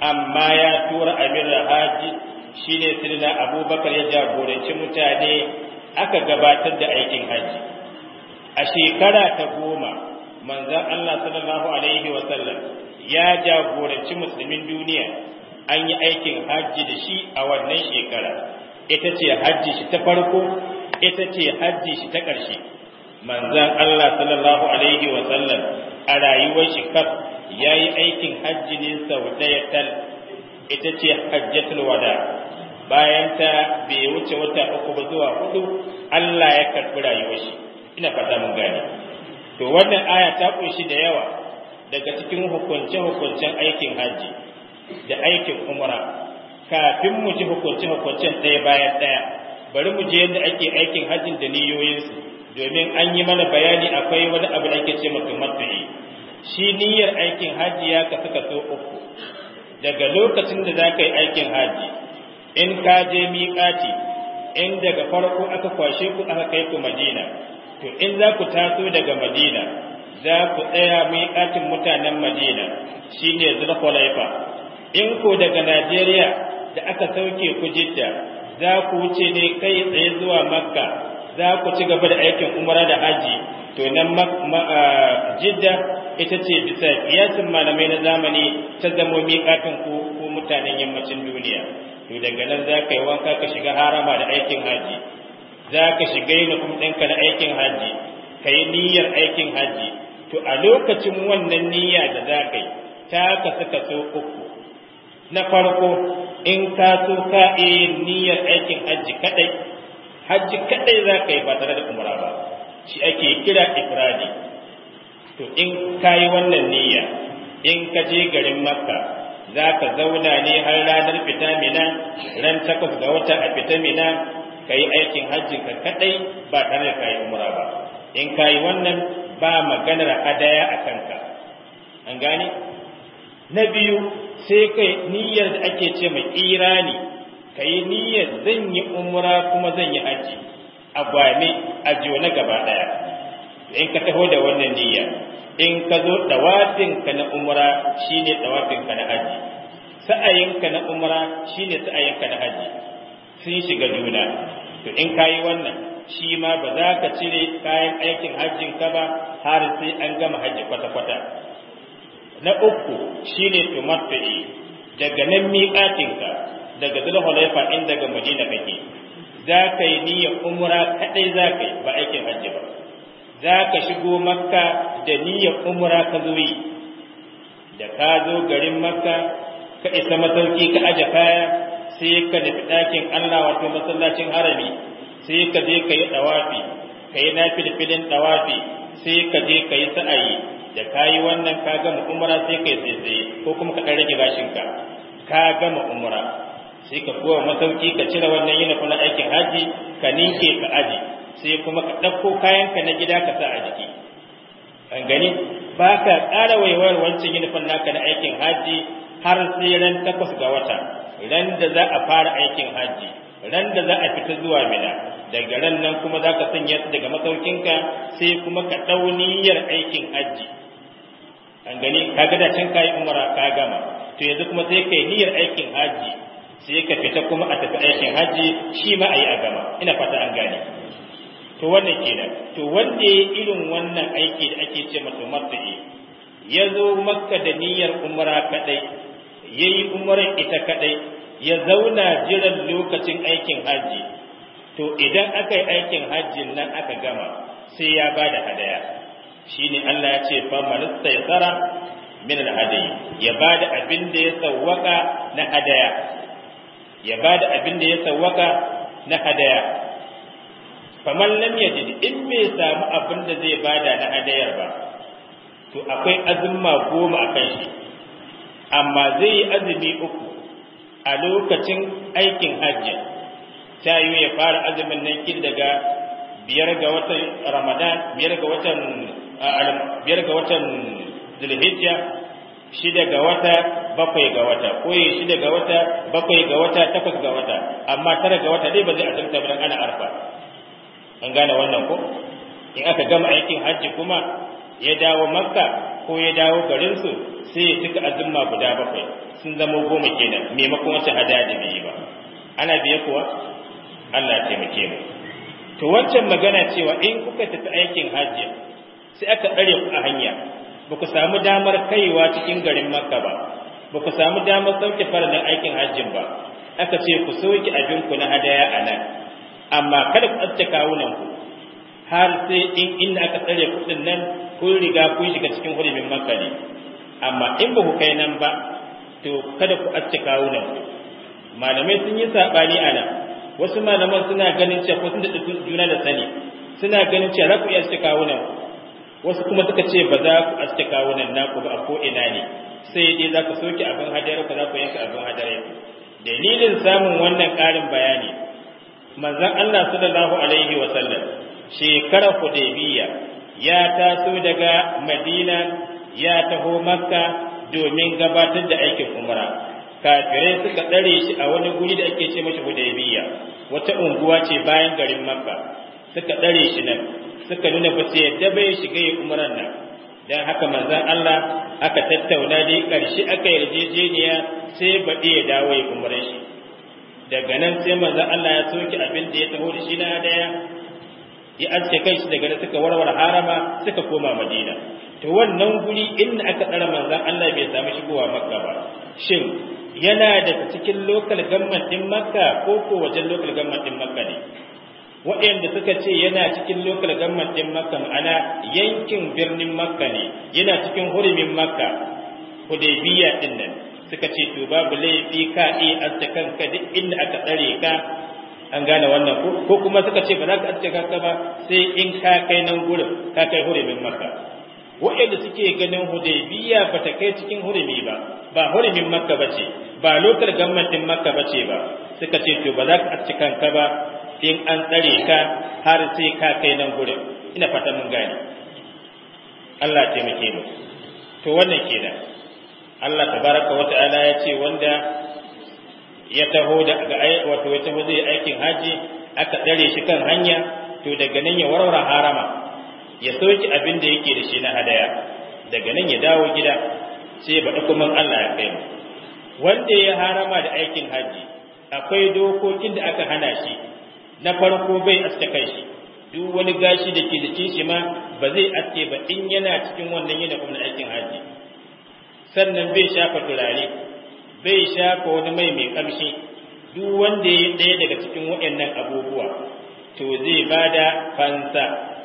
amma ya tura amir haji shi ne sirina abubakar ya jagoranci mutane aka gabatar da aikin hajji a shekara ta goma manzan Allah sallallahu alaihi wasallam ya jagoranci musulmin duniya an yi aikin hajji da shi a wannan shekara ita ce hajji shi ta farko ita ce hajji shi ta ƙarshe manzan Allah sallallahu alaihi wasallam a rayuwar shi ya yi aikin hajji ne sau ɗaya tal ita ce hajjatul wada bayan ta bai wuce wata uku ba zuwa hudu Allah ya karɓi rayuwar shi ina fata mun gane to wannan aya ta kunshi da yawa daga cikin hukunce hukuncen aikin haji da aikin umra kafin mu ji hukunce hukuncen ɗaya bayan ɗaya bari mu je yadda ake aikin hajjin da niyoyinsu domin an yi mana bayani akwai wani abu da ake ce mutumattu'i shi niyyar aikin haji ya kasu kaso uku daga lokacin da za ka yi aikin haji in ka je miƙati in daga farko aka kwashe ku aka kai ku madina to in za ku taso daga madina za ku tsaya miƙatin mutanen madina ne zulhulaifa in ko daga najeriya da aka sauke ku jidda za ku wuce ne kai tsaye zuwa makka za ku ci gaba da aikin umara da haji to nan jidda ita ce bisa kiyasin malamai na zamani ta zamo miƙatin ku ko mutanen yammacin duniya to daga nan za ka yi wanka ka shiga harama da aikin haji za ka shiga yin ɗinka na aikin haji ka yi niyyar aikin haji to a lokacin wannan niyya da za ka yi ta ka suka so uku na farko in ka so ka iya niyyar aikin haji kaɗai haji kaɗai za ka yi ba tare da umra ba shi ake kira ifradi to in ka yi wannan niyya in ka je garin makka za ka zauna ne har ranar fita mina ran takwas ga wata a fita mina ka yi aikin hajji ka kaɗai ba tare da ka yi umra ba in ka yi wannan ba maganar hadaya a kanka an gane na biyu sai kai niyyar da ake ce mai irani ka yi niyyar zan yi umra kuma zan yi hajji a gwame a na gaba ɗaya in ka taho da wannan niyyar? in ka zo ka na umra shine ka na haji sa'ayinka na umra shine sa'ayinka na haji sun shiga juna to in ka yi wannan shi ma ba za ka cire kayan aikin hajjin ka ba har sai an gama hajji kwata-kwata na uku shine tumattu'i daga nan ka daga zulhulaifa in daga madina kake za ka yi niyyar umra kaɗai za ka yi ba aikin hajji ba za ka shigo makka da niyyar umra ka zo yi da ka zo garin makka ka isa masauki ka aje kaya sai ka nufi ɗakin allah wato masallacin harami sai ka je ka yi ɗawafi ka yi filin ɗawafi sai ka je ka yi sa'ayi da ka yi wannan ka gama umra sai ka yi tsaye ko kuma ka ɗan rage gashinka ka gama umra sai ka kowa masauki ka cire wannan yunifom na aikin haji ka ninke ka aji sai kuma ka ɗauko kayanka na gida ka sa a jiki an gani ba ka ƙara waiwar wancan yunifom naka na aikin haji har sai ran takwas ga wata ran da za a fara aikin haji ran da za a fita zuwa mina daga ran nan kuma za ka sanya su daga masaukinka sai kuma ka ɗau niyyar aikin haji an gani ka ga can kayi umara ka gama to yanzu kuma sai kai niyyar aikin haji sai ka fita kuma a tafi aikin hajji shi ma a yi a gama ina fata an gane to wannan kenan to wanda ya irin wannan aiki da ake ce masu yi ya zo maka da niyyar umara kaɗai, ya yi umarar ita kaɗai, ya zauna jiran lokacin aikin hajji to idan aka yi aikin hajjin nan aka gama sai ya ba da hadaya ne Allah ya ce fa man istaysara min al ya ba da abin da ya sawwaka na hadaya ya ba da abin da ya sawwaka na hadaya faman lam yajid in bai samu abin da zai bada na hadayar ba to akwai azumma goma a kan shi amma zai yi azumi uku a lokacin aikin hajji ta yi ya fara azumin nan kin daga biyar ga watan ramadan biyar ga watan biyar ga watan zulhijja shida ga wata bakwai ga wata ko ya shida ga wata bakwai ga wata takwas ga wata amma tara ga wata dai ba zai asirta ba ana arfa an gane wannan ko in aka gama aikin hajji kuma ya dawo makka ko ya dawo garinsu sai ya cika azumma guda bakwai sun zama goma kenan maimakon wata hadadi bai yi ba ana biye kuwa Allah taimake mu to wancan magana cewa in kuka tafi aikin hajji sai aka tsare ku a hanya ba ku samu damar kaiwa cikin garin makka ba ba ku samu damar sauke faradin aikin hajjin ba aka ce ku sauke abinku na hadaya a nan amma kada ku tsabta kawunanku har sai in inda aka tsare kuɗin nan kun riga kun shiga cikin hurumin makari amma in ba ku kai nan ba to kada ku tsabta kawunanku malamai sun yi saɓani a nan wasu malaman suna ganin cewa ko sun da juna da sani suna ganin cewa za ku iya tsabta kawunanku wasu kuma suka ce ba za ku tsarce kawunan naku ba a ko ina ne sai dai zaka soke abin hadari ka zaka yanka abin hadari dalilin samun wannan ƙarin bayani manzon Allah sallallahu alaihi wa sallam shekara Hudaybiya ya taso daga Madina ya taho Makka domin gabatar da aikin umra kafirai suka tsare shi a wani guri da ake ce mashi Hudaybiya wata unguwa ce bayan garin Makka suka tsare shi nan suka nuna ba su yadda bai shiga ya umran nan dan haka manzon Allah aka tattauna dai karshe aka yarjejeniya sai baɗi ya dawo ya umare shi daga nan sai manzon Allah ya soki abin da ya taho da shi na daya ya aske kai shi daga nan suka warware harama suka koma Madina to wannan guri inda aka tsara manzon Allah bai samu shigowa Makka ba shin yana da cikin local government din Makka ko ko wajen local government din Makka ne waɗanda suka ce yana cikin lokal government makka ma'ana yankin birnin makka ne yana cikin hurumin makka hudaybiya din nan suka ce to babu laifi ka ɗi asta kanka duk inda aka tsare ka an gane wannan ko kuma suka ce ba za ka asta kanka ba sai in ka kai nan gurin ka kai hurumin makka waɗanda suke ganin hudaybiya ba ta kai cikin hurumi ba ba hurumin makka ba ce ba lokal government makka ba ce ba suka ce to ba za ka asta kanka ba in an tsare ka har sai ka kai nan gurin ina fata mun gane Allah taimake mu to wannan kenan Allah tabaraka wata'ala ya ce wanda ya taho da ga wato ya taho zai aikin haji aka tsare shi kan hanya to daga nan ya warware harama ya soki abin da yake da shi na hadaya daga nan ya dawo gida sai ba kuma Allah ya kai mu wanda ya harama da aikin haji akwai dokokin da aka hana shi na farko bai aske kai shi duk wani gashi da ke jikin shi ma ba zai aske ba in yana cikin wannan yana kuma aikin haji sannan bai shafa turare bai shafa wani mai mai kamshi duk wanda ya yi ɗaya daga cikin waɗannan abubuwa to zai bada fansa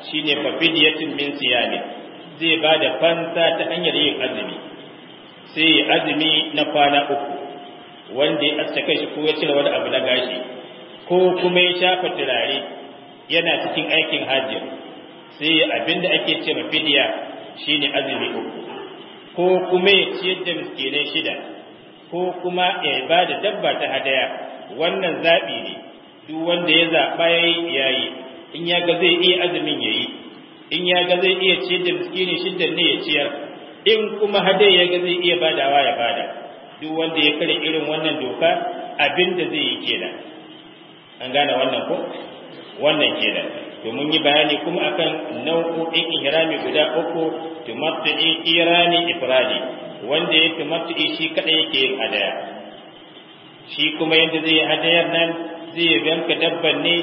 shine fafidiyatin min siyami zai bada fansa ta hanyar yin azumi sai azumi na kwana uku wanda ya aske kai shi ko ya cire wani abu na gashi ko kuma ya shafa turare yana cikin aikin hajji sai abinda ake ce ma fidiya shine azumi uku ko kuma ya ci da miskinai shida ko kuma ya ba da dabba ta hadaya wannan zaɓi ne duk wanda ya zaɓa ya yi in ya ga zai iya azumin ya yi in ya ga zai iya ciyar da miskinai shidda ne ya ciyar in kuma hadaya ya ga zai iya badawa ya bada duk wanda ya kare irin wannan doka abinda zai yi kenan an gane wannan ko wannan kenan to mun yi bayani kuma akan nau'o'in ihrami guda uku tumattu'i irani ifradi wanda ya tumattu'i shi kadai yake yin adaya shi kuma yanda zai yi hadayar nan zai yi yanka dabban ne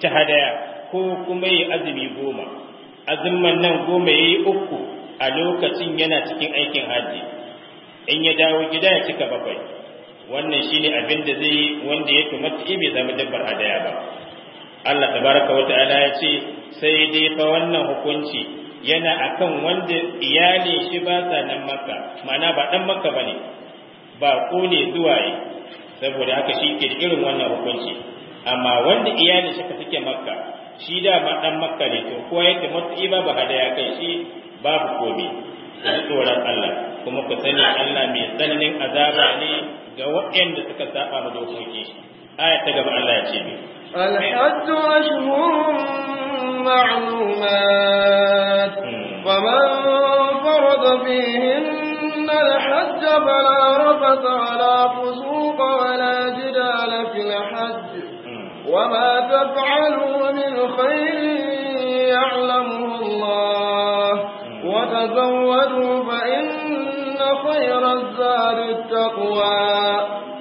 ta hadaya ko kuma yi azumi goma azumin nan goma ya yi uku a lokacin yana cikin aikin hajji in ya dawo gida ya cika bakwai wannan shine abin da zai yi wanda ya tumatti bai zama dabbar hadaya ba Allah tabaraka wa ta'ala ya ce sai dai fa wannan hukunci yana akan wanda iyali shi ba sa nan maka ma'ana ba dan maka bane ba ko ne zuwa yi saboda haka shi ke irin wannan hukunci amma wanda iyali shi ka suke makka shi da ma dan makka ne to ko yake mutu ba ba hadaya kai shi babu komai tsoron Allah kuma ku sani Allah mai tsananin azaba ne ga waɗanda suka saba ma dokoki aya ta gaba Allah ya ce الحج أشهر معلومات فمن hmm. فرض فيهن الحج فلا رفث ولا فسوق ولا جدال في الحج hmm. وما تفعلوا من خير يعلمه الله وتزودوا فإن خير الزاد التقوى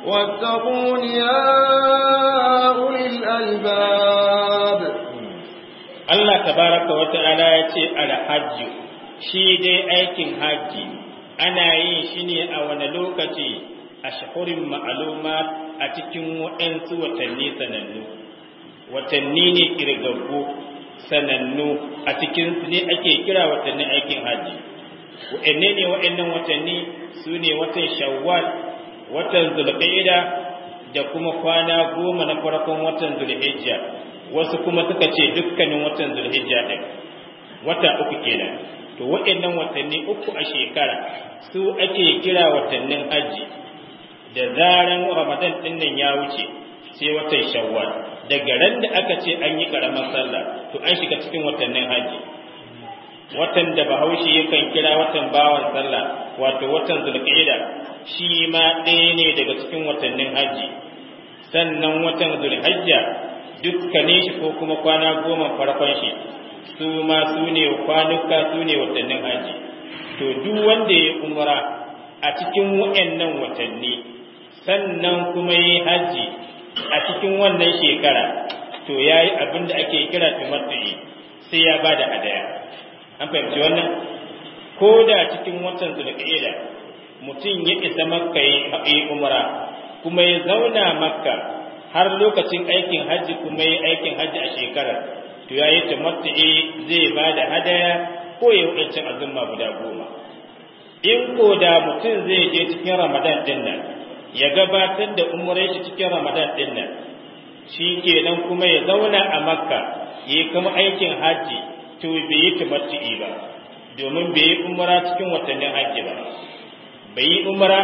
واتقون يا أولي الألباب الله تبارك وتعالى يتي على حج shi dai aikin hajji ana yi shine a wane lokaci a shahurin ma'aluma a cikin waɗansu watanni sanannu watanni ne ƙirgaggu sanannu a cikin su ne ake kira watannin aikin haji wa'anne ne wa'annan watanni su ne watan shawwal watan zulqa'ida da kuma kwana goma na farkon watan zulhijja wasu kuma suka ce dukkanin watan zulhijja ɗin wata uku kenan to wa'annan watanni uku a shekara su ake kira watannin haji da zaran ramadan ɗin nan ya wuce sai watan shawwal daga ran da aka ce an yi karamar sallah to an shiga cikin watannin haji watan da bahaushe yakan kira watan bawan sallah wato watan zulqa'ida shi ma ɗaya ne daga cikin watannin haji sannan watan zulhajja dukkanin shi ko kuma kwana goma farkon shi su ma su ne kwanuka su ne watannin haji to duk wanda ya umra a cikin wa'annan watanni sannan kuma yi haji a cikin wannan shekara to ya yi abin da ake kira tumattu'i sai ya ba da hadaya an fahimci wannan ko da cikin watan zulqa'ida mutum ya isa makka yi umra kuma ya zauna makka har lokacin aikin hajji kuma ya aikin hajji a shekara to ya yi zai ba da hadaya ko ya wadancin azumma guda goma in ko da mutum zai je cikin ramadan din nan ya gabatar da umurai shi cikin ramadan din nan shi nan kuma ya zauna a makka ya yi kama aikin hajji to bai yi tumattu'i ba domin bai yi umara cikin watannin hajji ba bai yi umara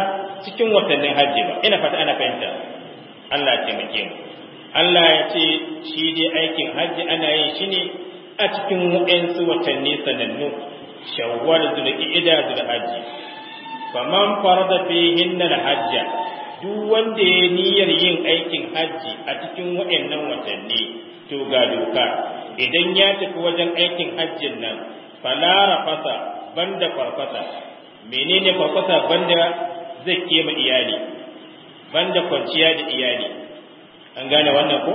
cikin watannin hajji ba ina fata ana fahimta Allah ya taimake mu Allah ya ce shi dai aikin hajji ana yin shi ne a cikin wa'ansu watanni sanannu shawwal zulqa'ida zulhajji faman farada fihin hajja duk wanda ya niyyar yin aikin hajji a cikin wa'annan watanni to ga doka idan ya tafi wajen aikin hajjin nan fala fasa banda farfasa menene farfasa banda zai kema iyali banda kwanciya da iyali an gane wannan ko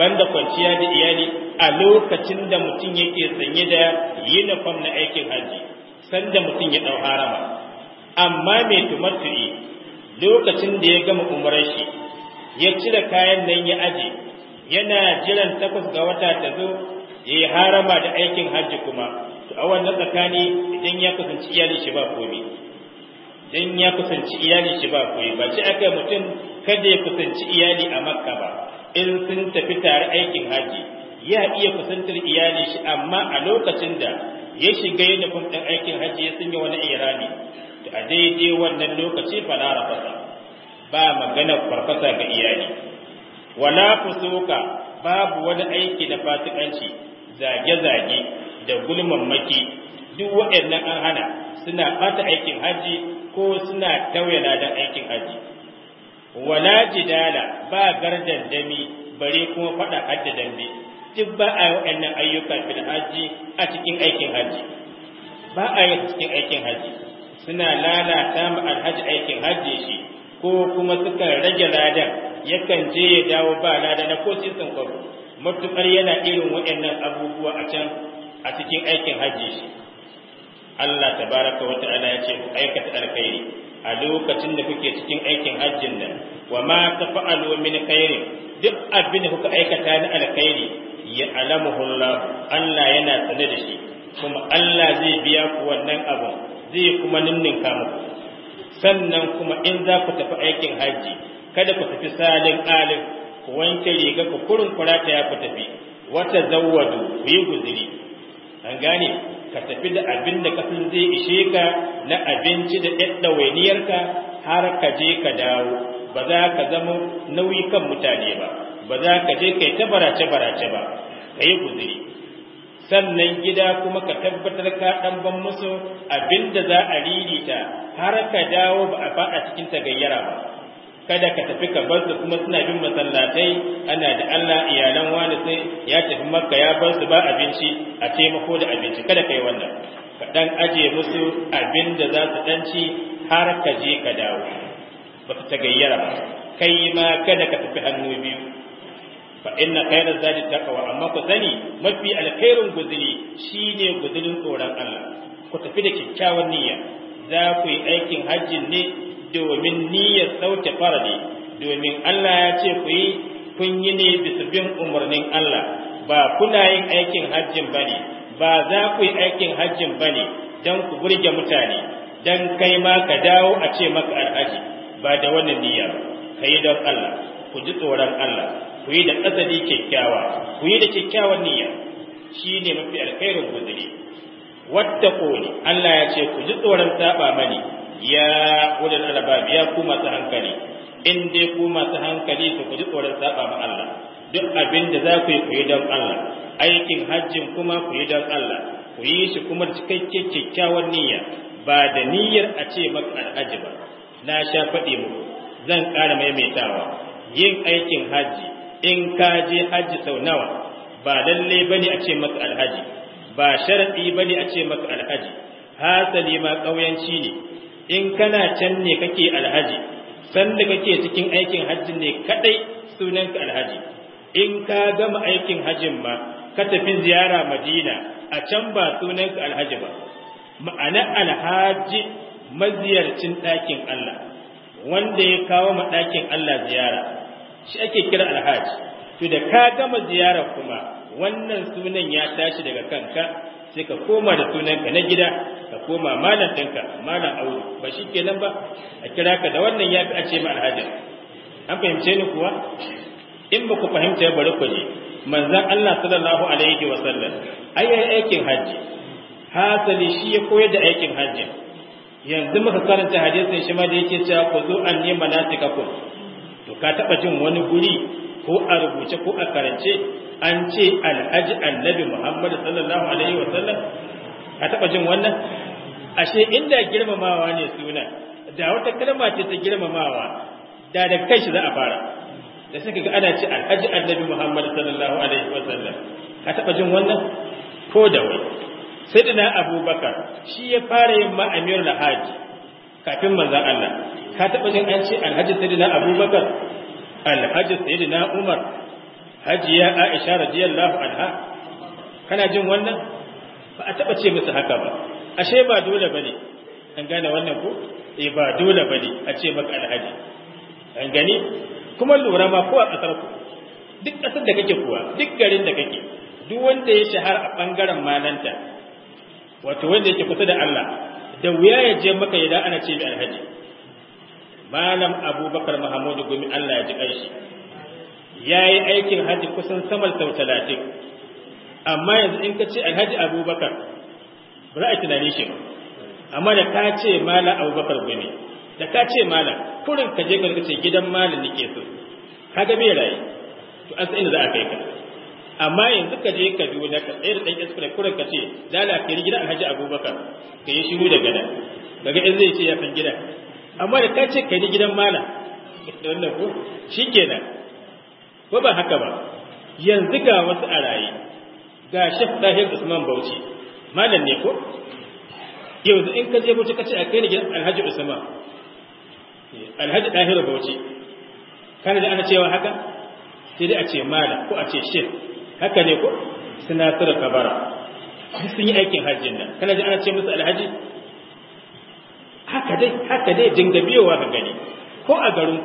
banda kwanciya da iyali a lokacin da mutum yake sanye da yinifam na aikin hajji sanda mutum ya dau harama amma mai tumattu'i lokacin da ya gama umarar shi ya cire kayan nan ya aje yana jiran takwas ga wata ta zo ya yi harama da aikin hajji kuma to a wannan tsakani idan ya kusanci iyali shi ba komi idan ya kusanci iyali shi ba koyi ba ci aka mutum kada ya kusanci iyali a makka ba in sun tafi tare aikin hajji, ya iya kusantar iyali shi amma a lokacin da ya shiga yadda ɗan aikin hajji ya yi wani irani a daidai wannan lokaci fala rafasa ba magana farfasa ga iyali wala fusuka babu wani aiki na fasikanci zage-zage da gulman maki duk waɗannan an hana suna fata aikin haji ko suna tauye da aikin haji wala jidala ba gardan dami bare kuma faɗa hadda dambe duk ba a waɗannan ayyuka fil haji a cikin aikin haji ba a yi cikin aikin haji suna lalata ma alhaji aikin hajji shi ko kuma suka rage ladan yakan je ya dawo ba lada na ko sun kwaro yana irin waɗannan abubuwa a can a cikin aikin hajji shi Allah tabaraka wa ta'ala ya ce aikata alkhairi a lokacin da kuke cikin aikin hajjin nan wa ma tafa'alu min khairi duk abin da kuka aikata na alkhairi ya alamuhu Allah Allah yana tsane da shi kuma Allah zai biya ku wannan abun zai kuma ninninka muku sannan kuma in za ku tafi aikin Haji, kada ku tafi salin alif, ku wanke riga ku kurin kurata ya ku tafi wata zawadu, ku yi guziri an gane ka tafi da abin da kasan zai ishe ka na abinci da ɗaɗɗawainiyarka har ka je ka dawo ba za ka zama nauyi kan mutane ba ba za ka je ka yi ta barace barace ba ka yi guziri sannan gida kuma ka tabbatar ka dan ban musu abinda za a ririta har ka dawo ba a faɗa cikin tagayyara ba kada ka tafi ka bar su kuma suna bin masallatai ana da Allah iyalan wani sai ya tafi makka ya bar su ba abinci a taimako da abinci kada kai wannan ka dan aje musu abin da za su dan har ka je ka dawo ba su tagayyara ba kai ma kada ka tafi hannu biyu fa inna khayra zadi taqwa amma ku sani mafi alkhairun guzuri shine guzurin tsoron Allah ku tafi da kyakkyawan niyya za ku yi aikin hajjin ne domin niyyar sauke farali domin Allah ya ce ku yi kun yi ne bisa bin umarnin Allah ba kuna yin aikin hajjin bane ba za ku yi aikin hajjin bane dan ku burge mutane dan kai ma ka dawo a ce maka alhaji ba da wannan niyya kai don Allah ku ji tsoron Allah ku yi da azali kyakkyawa ku yi da kyakkyawan niyya shine mafi alkhairin guzuri ne. Allah ya ce ku ji tsoron saba mani ya ulul albab ya ku masu hankali in dai ku masu hankali to ku ji tsoron saba ma Allah duk abin da za ku yi ku yi don Allah aikin hajjin kuma ku yi don Allah ku yi shi kuma cikakken kyakkyawan niyya ba da niyyar a ce maka alhaji ba na sha faɗi muku zan ƙara maimaitawa yin aikin hajji in ka je hajji sau nawa ba lalle bane a ce maka alhaji ba sharadi bane a ce maka alhaji hasali ma kauyanci ne in kana can ne kake alhaji sanda kake cikin aikin hajji ne kadai sunanka alhaji in ka gama aikin hajjin ma ka tafi ziyara madina a can ba sunanka alhaji ba ma'ana alhaji maziyarcin ɗakin Allah wanda ya kawo ma ɗakin Allah ziyara shi ake kira alhaji to da ka gama ziyara kuma wannan sunan ya tashi daga kanka sai ka koma da sunanka na gida ka koma malam ɗinka malam aure ba shi kenan ba a kira ka da wannan ya fi a ce ma alhaji an fahimce ni kuwa in ba ku fahimta ya bari ku ne manzan Allah sallallahu alaihi wa sallam ayyai aikin hajji hasali shi ya koyar da aikin hajji yanzu muka karanta hadisin shi ma da yake cewa ku zo an ne manasikakum to ka taba jin wani guri ko a rubuce ko a karance an ce alhaji annabi muhammad sallallahu alaihi wa sallam ka taba jin wannan ashe inda girmamawa ne suna da wata kalma ce ta girmamawa da da kai shi za a fara da suka ga ana ce alhaji annabi muhammad sallallahu alaihi wa sallam ka taba jin wannan ko da wai sai abubakar shi ya fara yin ma'amirul hajji kafin manzan Allah ka taɓa jin an ce alhaji sayyidina abubakar alhaji sayyidina umar hajiya aisha radiyallahu anha kana jin wannan ba a taɓa ce musu haka ba ashe ba dole bane an gane wannan ko eh ba dole bane a ce maka alhaji an gani kuma lura ma ko a kasar ku duk kasar da kake kuwa duk garin da kake duk wanda ya shahara a bangaren malanta wato wanda yake kusa da Allah da wuya ya je maka da ana ce bi alhaji malam abubakar mahamudu gumi allah ya ji ƙarshi ya yi aikin haji kusan samar sau talatin amma yanzu in ka ce alhaji abubakar ba za a tunani shi ba amma da ka ce malam abubakar gumi da ka ce malam kurin ka je ka ce gidan malam nake so ka da me raye, to an san inda za a kai ka amma yanzu ka je ka biyo ka tsaye da ɗan iskure kuran ka ce lalata gida alhaji abubakar ka yi shiru da gada daga in zai ce ya san gida amma da ka ce ka yi gidan mala wannan ko shi kenan ko ba haka ba yanzu ga wasu a raye ga shaf ɗahir usman bauchi malam ne ko yanzu in ka je bauchi ka ce a kai ni gidan alhaji usman eh, alhaji ɗahir bauchi kana da ana cewa haka sai dai a ce mala ko a ce shef haka ne ko suna tura kabara sun yi aikin hajjin nan kana ji ana ce musu alhaji haka dai haka dai dinga biyowa ka gani ko a garin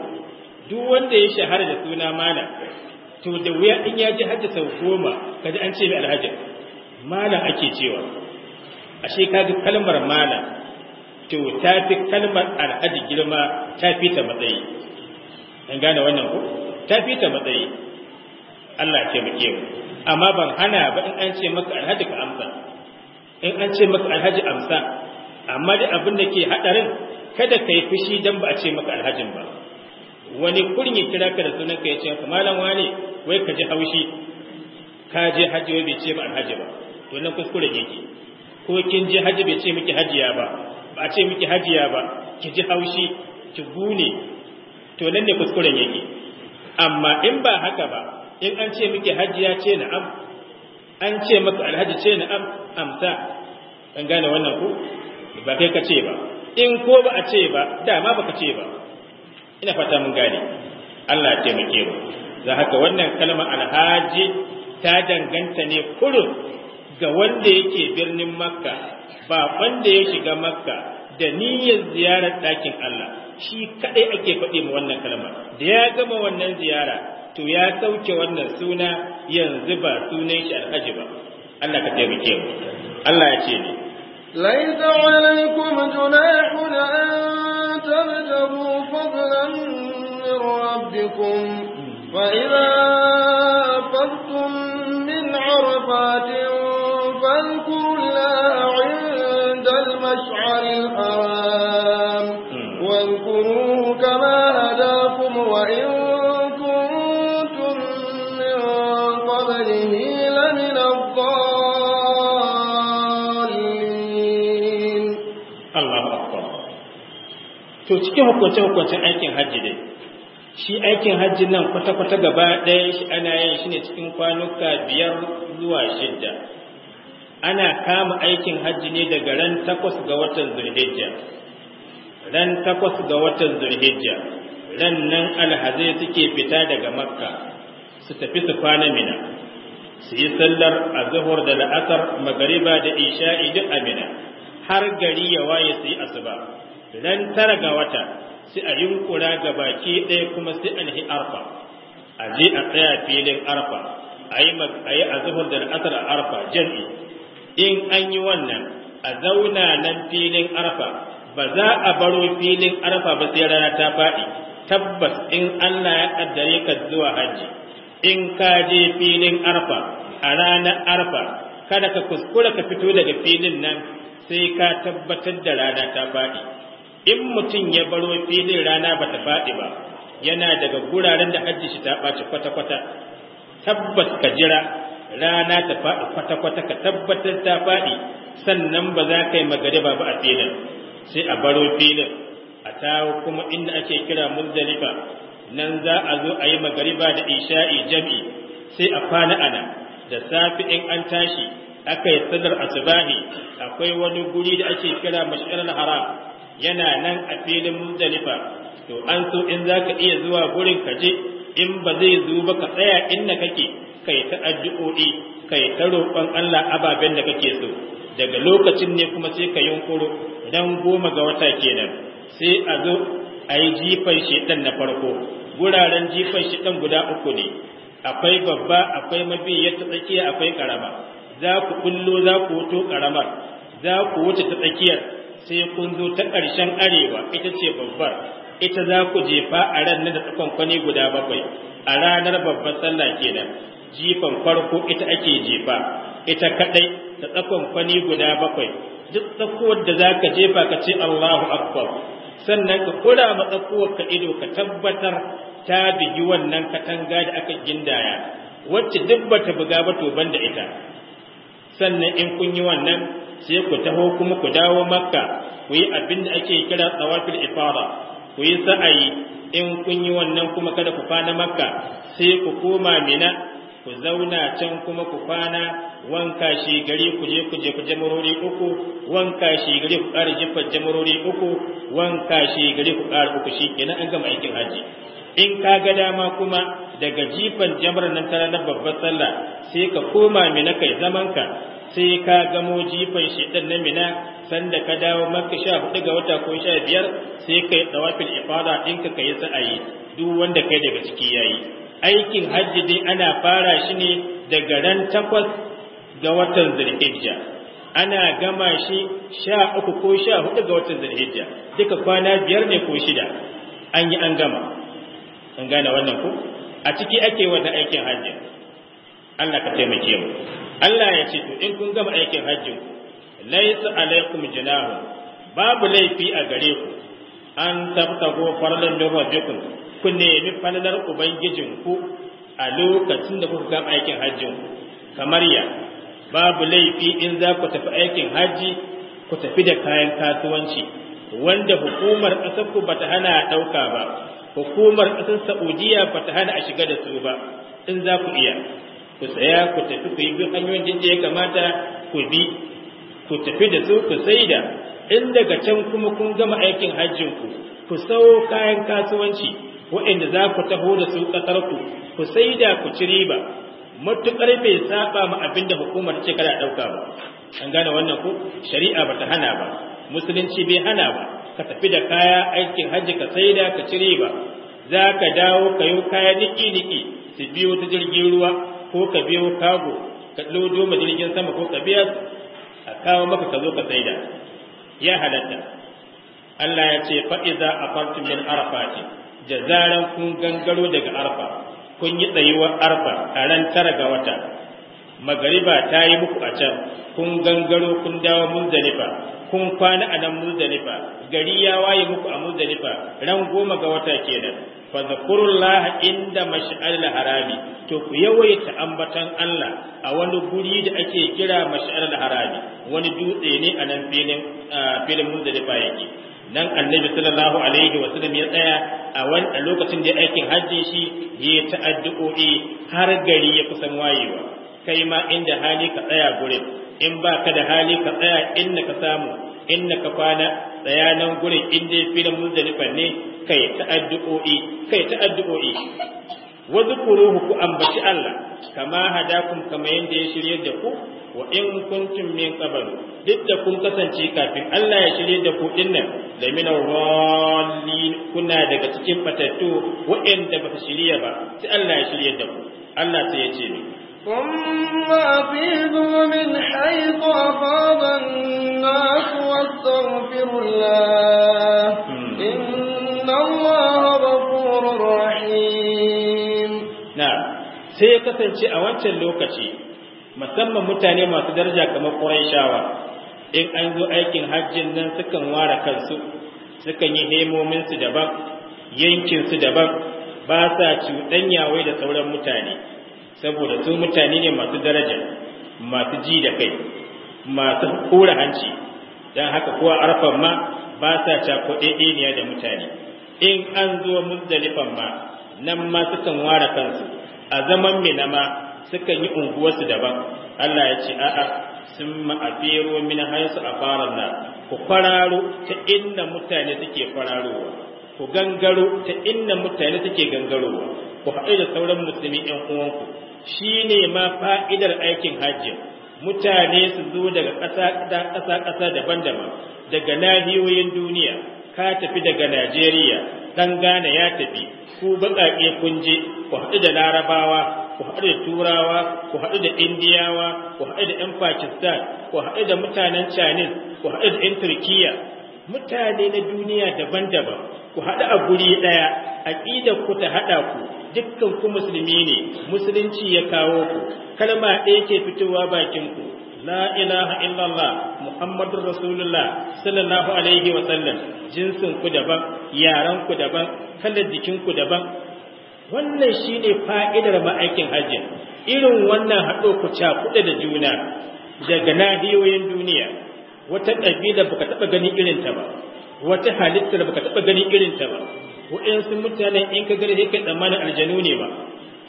duk wanda ya shahara da suna mana to da wuya in ya ji hajji sau goma kaji an ce mai alhaji malam ake cewa ashe ka kalmar malam to ta fi kalmar alhaji girma ta fi ta matsayi an gane wannan ko ta fi ta matsayi Allah ya taimake mu amma ban hana ba in an ce maka alhaji ka amsa in an ce maka alhaji amsa amma dai abin da ke hadarin kada ka yi fushi dan ba a ce maka alhajin ba wani kurni kira ka da sunan ka ya ce maka malam wane wai ka ji haushi ka je haji wai bai ce ba alhaji ba to nan kuskure yake ko kin je haji bai ce miki hajiya ba ba a ce miki hajiya ba ki ji haushi ki gune to nan ne kuskuren yake amma in ba haka ba in an ce miki hajiya ce na'am an ce maka alhaji ce na'am amsa an gane wannan ku ba kai ka ce ba in ko ba a ce ba dama baka ce ba ina fata mun gane Allah ya taimake mu za haka wannan kalmar alhaji ta danganta ne kurun ga wanda yake birnin makka ba wanda ya shiga makka da niyyar ziyarar ɗakin Allah shi kaɗai ake faɗi ma wannan kalmar da ya gama wannan ziyara to ya sauke wannan suna yanzu ba sunan shi alhaji ba Allah ka taimake mu Allah ya ce ni laisa alaikum junahun an tabtagu fadlan min rabbikum fa idza fadtum min arafatin fadhkuru la 'inda al-mash'ar al-haram to cikin hukunce hukuncen aikin hajji dai shi aikin hajji nan kwata-kwata gaba ɗaya shi ana yin shi ne cikin kwanuka biyar zuwa shidda ana kama aikin hajji ne daga ran takwas ga watan zulhijja ran takwas ga watan zulhijja ran nan alhazai suke fita daga makka su tafi su kwana mina su yi sallar a zuhur da la'asar magariba da isha'i duk amina har gari ya waye su yi asuba ran tara ga wata sai a yunkura ga baki ɗaya kuma sai a nahi arfa a je a tsaya filin arfa a yi a zuhur da asar arfa jam'i in an yi wannan a zauna nan filin arfa ba za a baro filin arfa ba sai rana ta faɗi tabbas in Allah ya kaddare ka zuwa hajji in ka je filin arfa a rana arfa kada ka kuskura ka fito daga filin nan sai ka tabbatar da rana ta faɗi in mutum ya baro filin rana ba ta faɗi ba yana daga guraren da hajji shi ta ɓaci kwata-kwata tabbas ka jira rana ta faɗi kwata-kwata ka tabbatar ta faɗi sannan ba za ka yi magariba ba a filin sai a baro filin a tawo kuma inda ake kira muzdalifa nan za a zo a yi magariba da isha'i jam'i sai a kwana ana da safi in an tashi aka yi sadar asubahi akwai wani guri da ake kira mash'ar haram yana nan a filin muzdalifa to an so in za ka iya zuwa gurin ka je in ba zai zo ba ka tsaya inda kake kai ta addu'o'i kai ta roƙon Allah ababen da kake so daga lokacin ne kuma sai ka yunkuro dan goma ga wata kenan sai a zo a yi jifan shedan na farko guraren jifan shedan guda uku ne akwai babba akwai ya ta tsakiya akwai karama za ku kullo za ku wuto karamar za ku wuce ta tsakiyar sai kun zo ta ƙarshen arewa ita ce babbar ita za ku jefa a ranar da tsakon kwani guda bakwai a ranar babbar sallah kenan jifan farko ita ake jefa ita kaɗai da tsakon kwani guda bakwai duk tsakuwar da za ka jefa ka ce Allahu akbar sannan ka kura ma tsakuwar ka ido ka tabbatar ta bigi wannan katanga da aka gindaya wacce duk bata buga ba to banda ita sannan in kun yi wannan sai ku taho kuma ku dawo makka ku yi abin da ake kira tsawafil ifara ku yi sa'ayi in kun yi wannan kuma kada ku kwana makka sai ku koma mina ku zauna can kuma ku kwana wanka shi gari ku je ku je jamarori uku wanka shi gari ku ƙara jefa jamarori uku wanka shi gari ku ƙara uku shi kenan an gama aikin haji in ka ga dama kuma daga jifan jamar nan ta ranar babbar sallah sai ka koma mina kai zaman ka sai ka gamo jifan shedan na mina sanda ka dawo maka sha hudu ga wata ko sha biyar sai ka yi tsawafin ifada ɗinka ka yi sa'ayi duk wanda kai daga ciki yayi aikin hajji dai ana fara shi ne daga ran takwas ga watan zulhijja ana gama shi sha uku ko sha hudu ga watan zulhijja duka kwana biyar ne ko shida an yi an gama Kun gane wannan ku a ciki ake wata aikin hajji Allah ka taimake mu Allah ya ce to in kun gama aikin hajji ku laysa alaikum jinahu babu laifi a gare ku an tabtago farlan da rabbikum ku nemi falalar ubangijin ku a lokacin da kuka gama aikin hajji kamar ya babu laifi in za ku tafi aikin hajji ku tafi da kayan kasuwanci wanda hukumar ƙasar ku bata hana ɗauka ba hukumar ƙasar Saudiya ba ta hana a shiga da su ba in za ku iya ku tsaya ku tafi ku yi bin hanyoyin da ya kamata ku bi ku tafi da su ku sai da, in daga can kuma kun gama aikin hajjin ku ku sau kayan kasuwanci waɗanda za ku taho da su ƙasar ku ku sai da ku ci riba matuƙar bai saba ma abin da hukumar ce kada ɗauka ba an gane wannan ku? shari'a ba ta hana ba musulunci bai hana ba ka tafi da kaya aikin hajji ka sai da ka cire ba, za ka dawo ka yi kaya niki-niki su biyo ta jirgin ruwa ko ka biyo kago ka lodo ma jirgin sama ko ka biya a kawo maka ka zo ka sai da. ya halatta Allah ya ce fa'iza a farcin min arfa ce da zaran kun gangaro daga arfa kun yi tsayuwar arfa a ran tara ga wata magariba ta yi muku a can kun gangaro kun dawo mun zanifa kun kwana a nan muzdalifa gari ya waye muku a muzdalifa ran goma ga wata kenan fa zakurullaha inda mash'al harami to ku yawaita ambatan Allah a wani guri da ake kira mash'al harami wani dutse ne a nan filin filin muzdalifa yake nan annabi sallallahu alaihi wa sallam ya tsaya a wani lokacin da aikin hajji shi ya ta'addu'i har gari ya kusan wayewa kai ma inda hali ka tsaya gurin in ba ka da hali ka tsaya inda ka samu inda ka kwana tsaya nan gurin in dai filin muzdalifa ne kai ta addu'o'i kai ta addu'o'i wa dhkuruhu ku ambaci Allah kama hadakum kama yanda ya shirye da ku wa in kuntum min qabl duk da kun kasance kafin Allah ya shirye da ku dinnan da min wallin kuna daga cikin wa waɗanda ba su shirye ba sai Allah ya shirye da ku Allah sai ya ce ثم أفيدوا من حيث أفاض الناس واستغفروا الله إن الله غفور رحيم sai ya kasance a wancan lokaci musamman mutane masu daraja kamar Qurayshawa in an zo aikin hajjin na sukan ware kansu sukan yi hemominsu daban su daban ba sa cuɗanya wai da sauran mutane saboda su mutane ne masu daraja masu ji da kai masu kura hanci don haka kuwa arfan ma ba sa cakuɗaɗɗeniya da mutane in an zo muzdalifan ma nan ma sukan ware kansu a zaman mina ma sukan yi unguwarsu daban Allah ya ce a'a sun ma'afero min hansu a fara na ku fararo ta inda mutane suke fararo. ku gangaro ta inna mutane take gangarowa ku haɗu da sauran musulmi ɗan uwanku shi ne ma fa'idar aikin hajji mutane su zo daga ƙasa ƙasa daban-daban daga nahiyoyin duniya ka tafi daga Najeriya ɗan Ghana ya tafi ku baƙaƙe kunje ku haɗu da Larabawa ku haɗu da Turawa ku haɗu da Indiyawa ku haɗu da 'yan Pakistan ku haɗu da mutanen Chinese ku haɗu da 'yan Turkiya mutane na duniya daban-daban ku haɗu a guri ɗaya aƙidar ku ta haɗa ku dukkan ku musulmi ne musulunci ya kawo ku kalma ɗaya ke fitowa bakin ku la ilaha illallah muhammadur rasulullah sallallahu alaihi wa sallam jinsin ku daban yaran ku daban kalar jikin ku daban wannan shine fa'idar ma'aikin hajji irin wannan haɗo ku cakuɗa da juna daga nahiyoyin duniya wata ƙabila baka ka taɓa ganin ta ba wata halittar baka taba ganin irin ta ba wa'ansu mutanen in ka gare kai tsammanin aljanu ne ba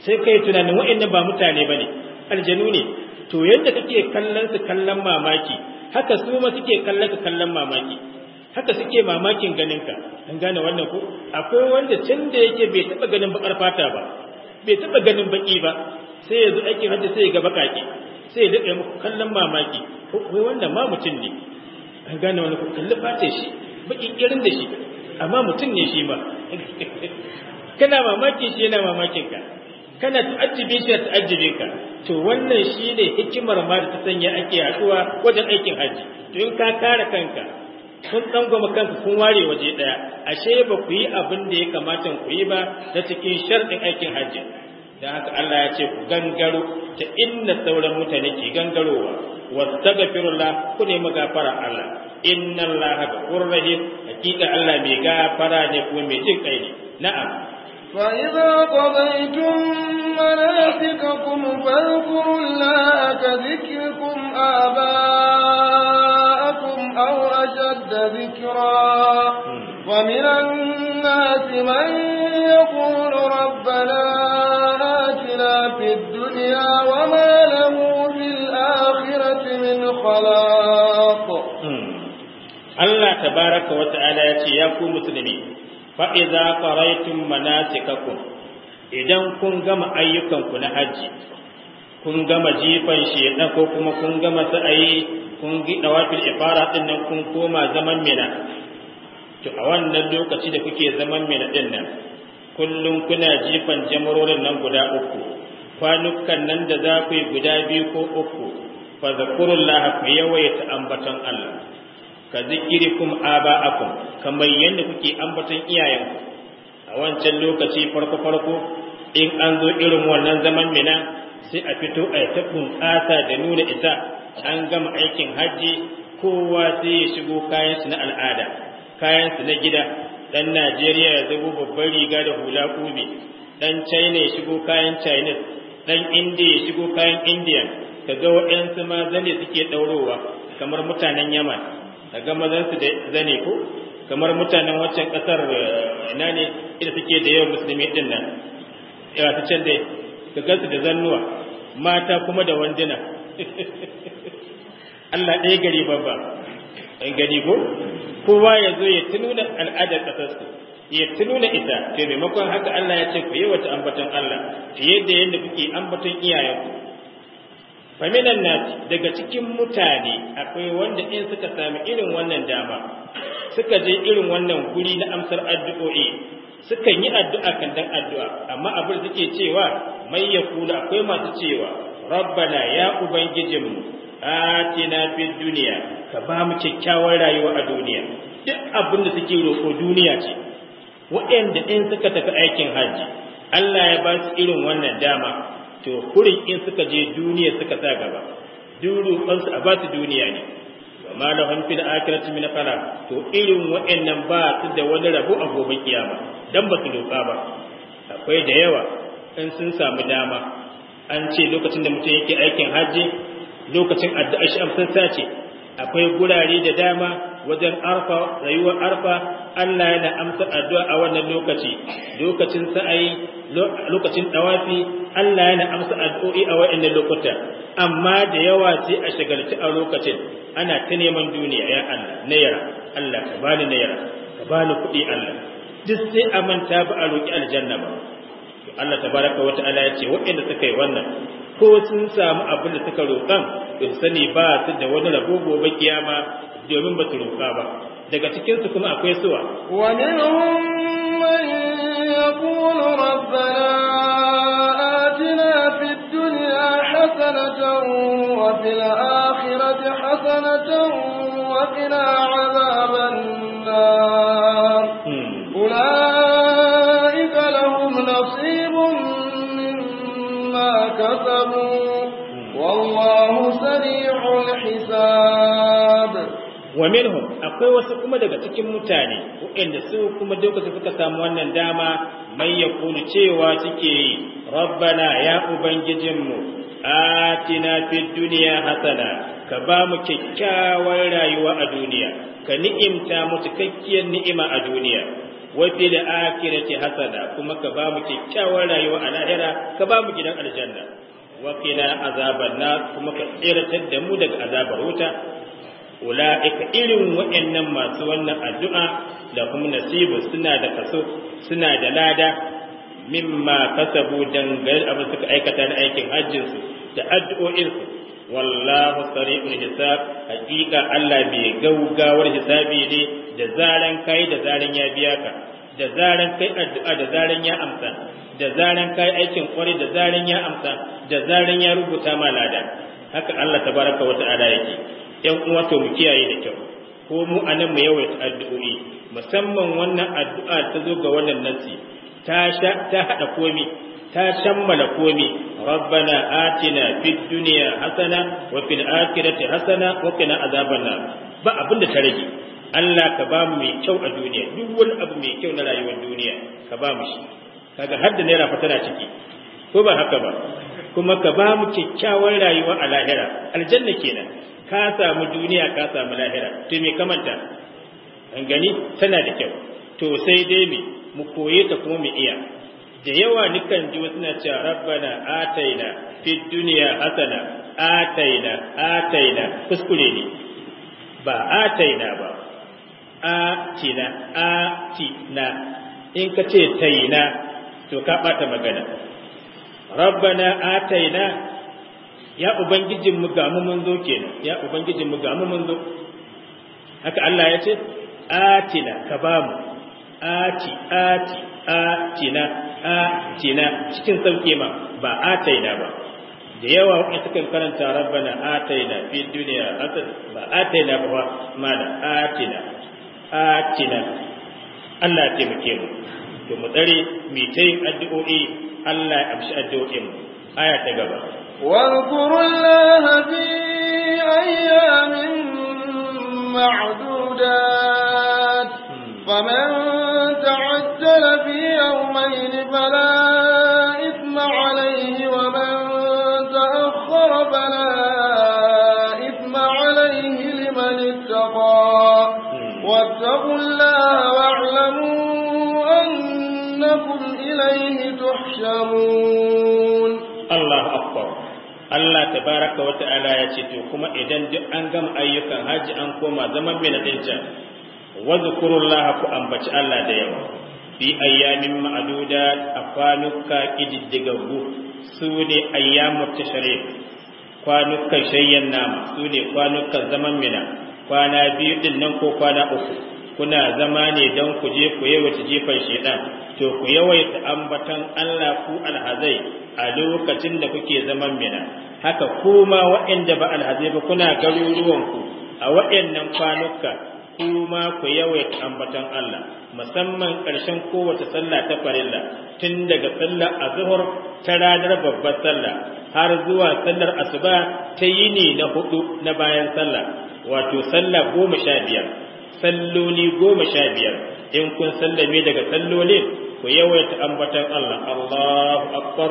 sai kai tunanin wa'annan ba mutane bane aljanu ne to yadda kake kallon su kallon mamaki haka su ma suke kallon ka kallon mamaki haka suke mamakin ganin ka an gane wannan ko akwai wanda tun da yake bai taba ganin bakar fata ba bai taba ganin baki ba sai ya zo aikin hajji sai ya ga bakaki sai ya daɗe muku kallon mamaki ko wanda ma mutum ne an gane wani ko kalli fata shi baƙin irin da shi amma mutum ne shi ba. kana mamakin shi yana mamakin ka kana tu'ajjibe shi tu'ajjibe ka to wannan shi ne hikimar ma da ta sanya ake haɗuwa wajen aikin hajji to in ka kare kanka kun tsangwama kanka kun ware waje ɗaya ashe ba ku yi abin da ya kamata ku yi ba na cikin sharɗin aikin hajji dan haka Allah ya ce ku gangaro ta inna sauran mutane ke gangarowa wastaghfirullah ku nemi gafara Allah inna Allah ghafurur rahim hakika Allah mai gafara ne kuma mai jin kai ne na'am فإذا قضيتم مناسككم فاذكروا الله كذكركم آباءكم أو أشد ذكرا hmm. ومن الناس من يقول ربنا الطلاق الله تبارك وتعالى يا كو مسلمي فإذا قريتم مناسككم idan kun gama ayyukanku na hajji kun gama jifan sheda ko kuma kun gama sa'ayi kun gida wafil ifara din nan kun koma zaman mina to a wannan lokaci da kuke zaman mina din nan kullum kuna jifan jamarorin nan guda uku kwanukan nan da za ku yi guda biyu ko uku fa zakurullah ku yawaita ambaton Allah ka zikirikum aba'akum kamar yadda kuke ambaton iyayenku a wancan lokaci farko farko in an zo irin wannan zaman mina sai a fito a ta bunƙasa da nuna ita, an gama aikin hajji kowa sai ya shigo kayansu na al'ada kayansu na gida dan Najeriya ya zamo babban riga da hula kube dan China ya shigo kayan Chinese dan India ya shigo kayan Indian ka ga waɗansu ma zane suke ɗaurowa kamar mutanen yaman ka ga mazansu da zane ko kamar mutanen waccan ƙasar eh, ina ne ita suke da yawan musulmi ɗin nan Ya eh, ta can dai ka gansu da zannuwa mata kuma da wanduna Allah ɗaya gari babba ɗan gari ko kowa ya zo ya tununa al'adar ƙasarsu ya tununa ita to maimakon haka Allah ya ce ku yi wata ambaton Allah fiye da yadda kuke ambaton iyayenku faminan na daga cikin mutane akwai wanda in suka sami irin wannan dama suka je irin wannan guri na amsar addu'o'i suka yi addu'a kan dan addu'a amma abin suke cewa mai ya yakula akwai masu cewa rabbana ya ubangijinmu atina fid duniya ka ba mu kyakkyawar rayuwa a duniya duk abin da suke roƙo duniya ce waɗanda in suka tafi aikin hajji Allah ya ba su irin wannan dama to kurin in suka je duniya suka sa gaba duru kansu a ba duniya ne ma lahum fil akhirati min qala to irin wa'annan ba su da wani rabu a gobe kiyama dan ba su doka ba akwai da yawa in sun samu dama an ce lokacin da mutum yake aikin hajji lokacin addu'a shi amsan sace akwai gurare da dama wajen arfa rayuwar arfa Allah yana amsa addu'a a wannan lokaci lokacin sa'ayi lokacin dawafi Allah yana amsa addu'o'i a wannan lokuta amma da yawa sai a shagalci a lokacin ana ta neman duniya ya Allah naira Allah ka bani naira ka bani kuɗi Allah duk sai a manta ba a roƙi aljanna ba Allah tabaraka wa ta'ala ya ce wa'anda suka yi wannan ko sun samu abin da suka roƙan ba sani ba su da wani rabo gobe kiyama domin ba su roƙa ba daga cikin su kuma akwai suwa wa minhum man yaqulu a atina fid dunya hasanatan wa fil akhirati hasanatan wa qina adhaban الكتاب wa minhum akwai wasu kuma daga cikin mutane waɗanda su kuma duka suka samu wannan dama mai ya cewa suke rabbana ya ubangijinmu atina fid duniya hasana ka ba mu kyakkyawar rayuwa a duniya ka ni'imta mu cikakkiyar ni'ima a duniya wafi da akhirati hasana kuma ka ba mu kyakkyawar rayuwa a lahira ka ba mu gidan aljanna wa azabar azaban nar kuma ka tsiratar da mu daga azabar wuta ula'ika irin waɗannan masu wannan addu'a da kuma nasibu suna da kaso suna da lada mimma kasabu dangar abin suka aikata na aikin hajjinsu da addu'o'insu wallahu sari'ul hisab hakika Allah mai gaugawar hisabi ne da zaran kai da zaran ya biya ka da zaran kai addu'a da zaran ya amsa da zaran kai aikin kwarai da zaran ya amsa da zaran ya rubuta ma lada haka Allah tabaraka wa ta'ala yake yan uwa to mu kiyaye da kyau ko mu anan mu yawaita addu'o'i musamman wannan addu'a ta zo ga wannan nasi ta ta hada komi ta shammala komi rabbana atina fid dunya hasana wa fil akhirati hasana wa qina azaban ba abin da ta rage Allah ka ba mu mai kyau a duniya duk wani abu mai kyau na rayuwar duniya ka ba mu shi kaga har da naira fa tana ciki ko ba haka ba kuma ka ba mu kyakkyawar rayuwa a lahira aljanna kenan ka samu duniya ka samu lahira to me kamanta an gani tana da kyau to sai dai me mu koye ta kuma mu iya da yawa nikan ji wasu na cewa rabbana ataina fid duniya hasana ataina ataina kuskure ne ba ataina ba atina atina in ka ce taina to ka bata magana rabbana ataina ya ubangijin mu ga mu mun zo kenan ya ubangijin mu ga mu mun zo haka Allah ya ce atina ka ba mu ati ati atina atina cikin sauke ma ba ataina ba da yawa wani suka karanta rabbana ataina fi duniya hasan ba ataina ba ba mala atina atina Allah ya taimake mu to mu tsare mu ta yin addu'o'i Allah ya amshi addu'o'in aya ta gaba واذكروا الله في أيام معدودات فمن وإليه تحشرون الله أكبر Allah tabaraka wa ta'ala ya ce to kuma idan duk an gama ayyukan haji an koma zaman mai nadinta wa zkurullaha ku ambaci Allah da yawa fi ayyamin ma'aduda a kwanuka ƙididdigaggu su ne ayyamun tashare kwanukan shayyan nama su ne kwanukan zaman mina kwana biyu din nan ko kwana uku kuna zama ne don ku je ku wata jifan shaidan to ku yawaita ambatan Allah ku alhazai a lokacin da kuke zaman mina haka kuma waɗanda ba alhazai ba kuna garuruwan ku a waɗannan kwanuka kuma ku yawaita ambatan Allah musamman ƙarshen kowace sallah ta farilla tun daga sallar azhar ta ranar babbar sallah har zuwa sallar asuba ta yini na hudu na bayan sallah wato sallah goma sha biyar salloli goma sha biyar in kun sallame daga sallolin ku yawaita ambatan Allah Allahu akbar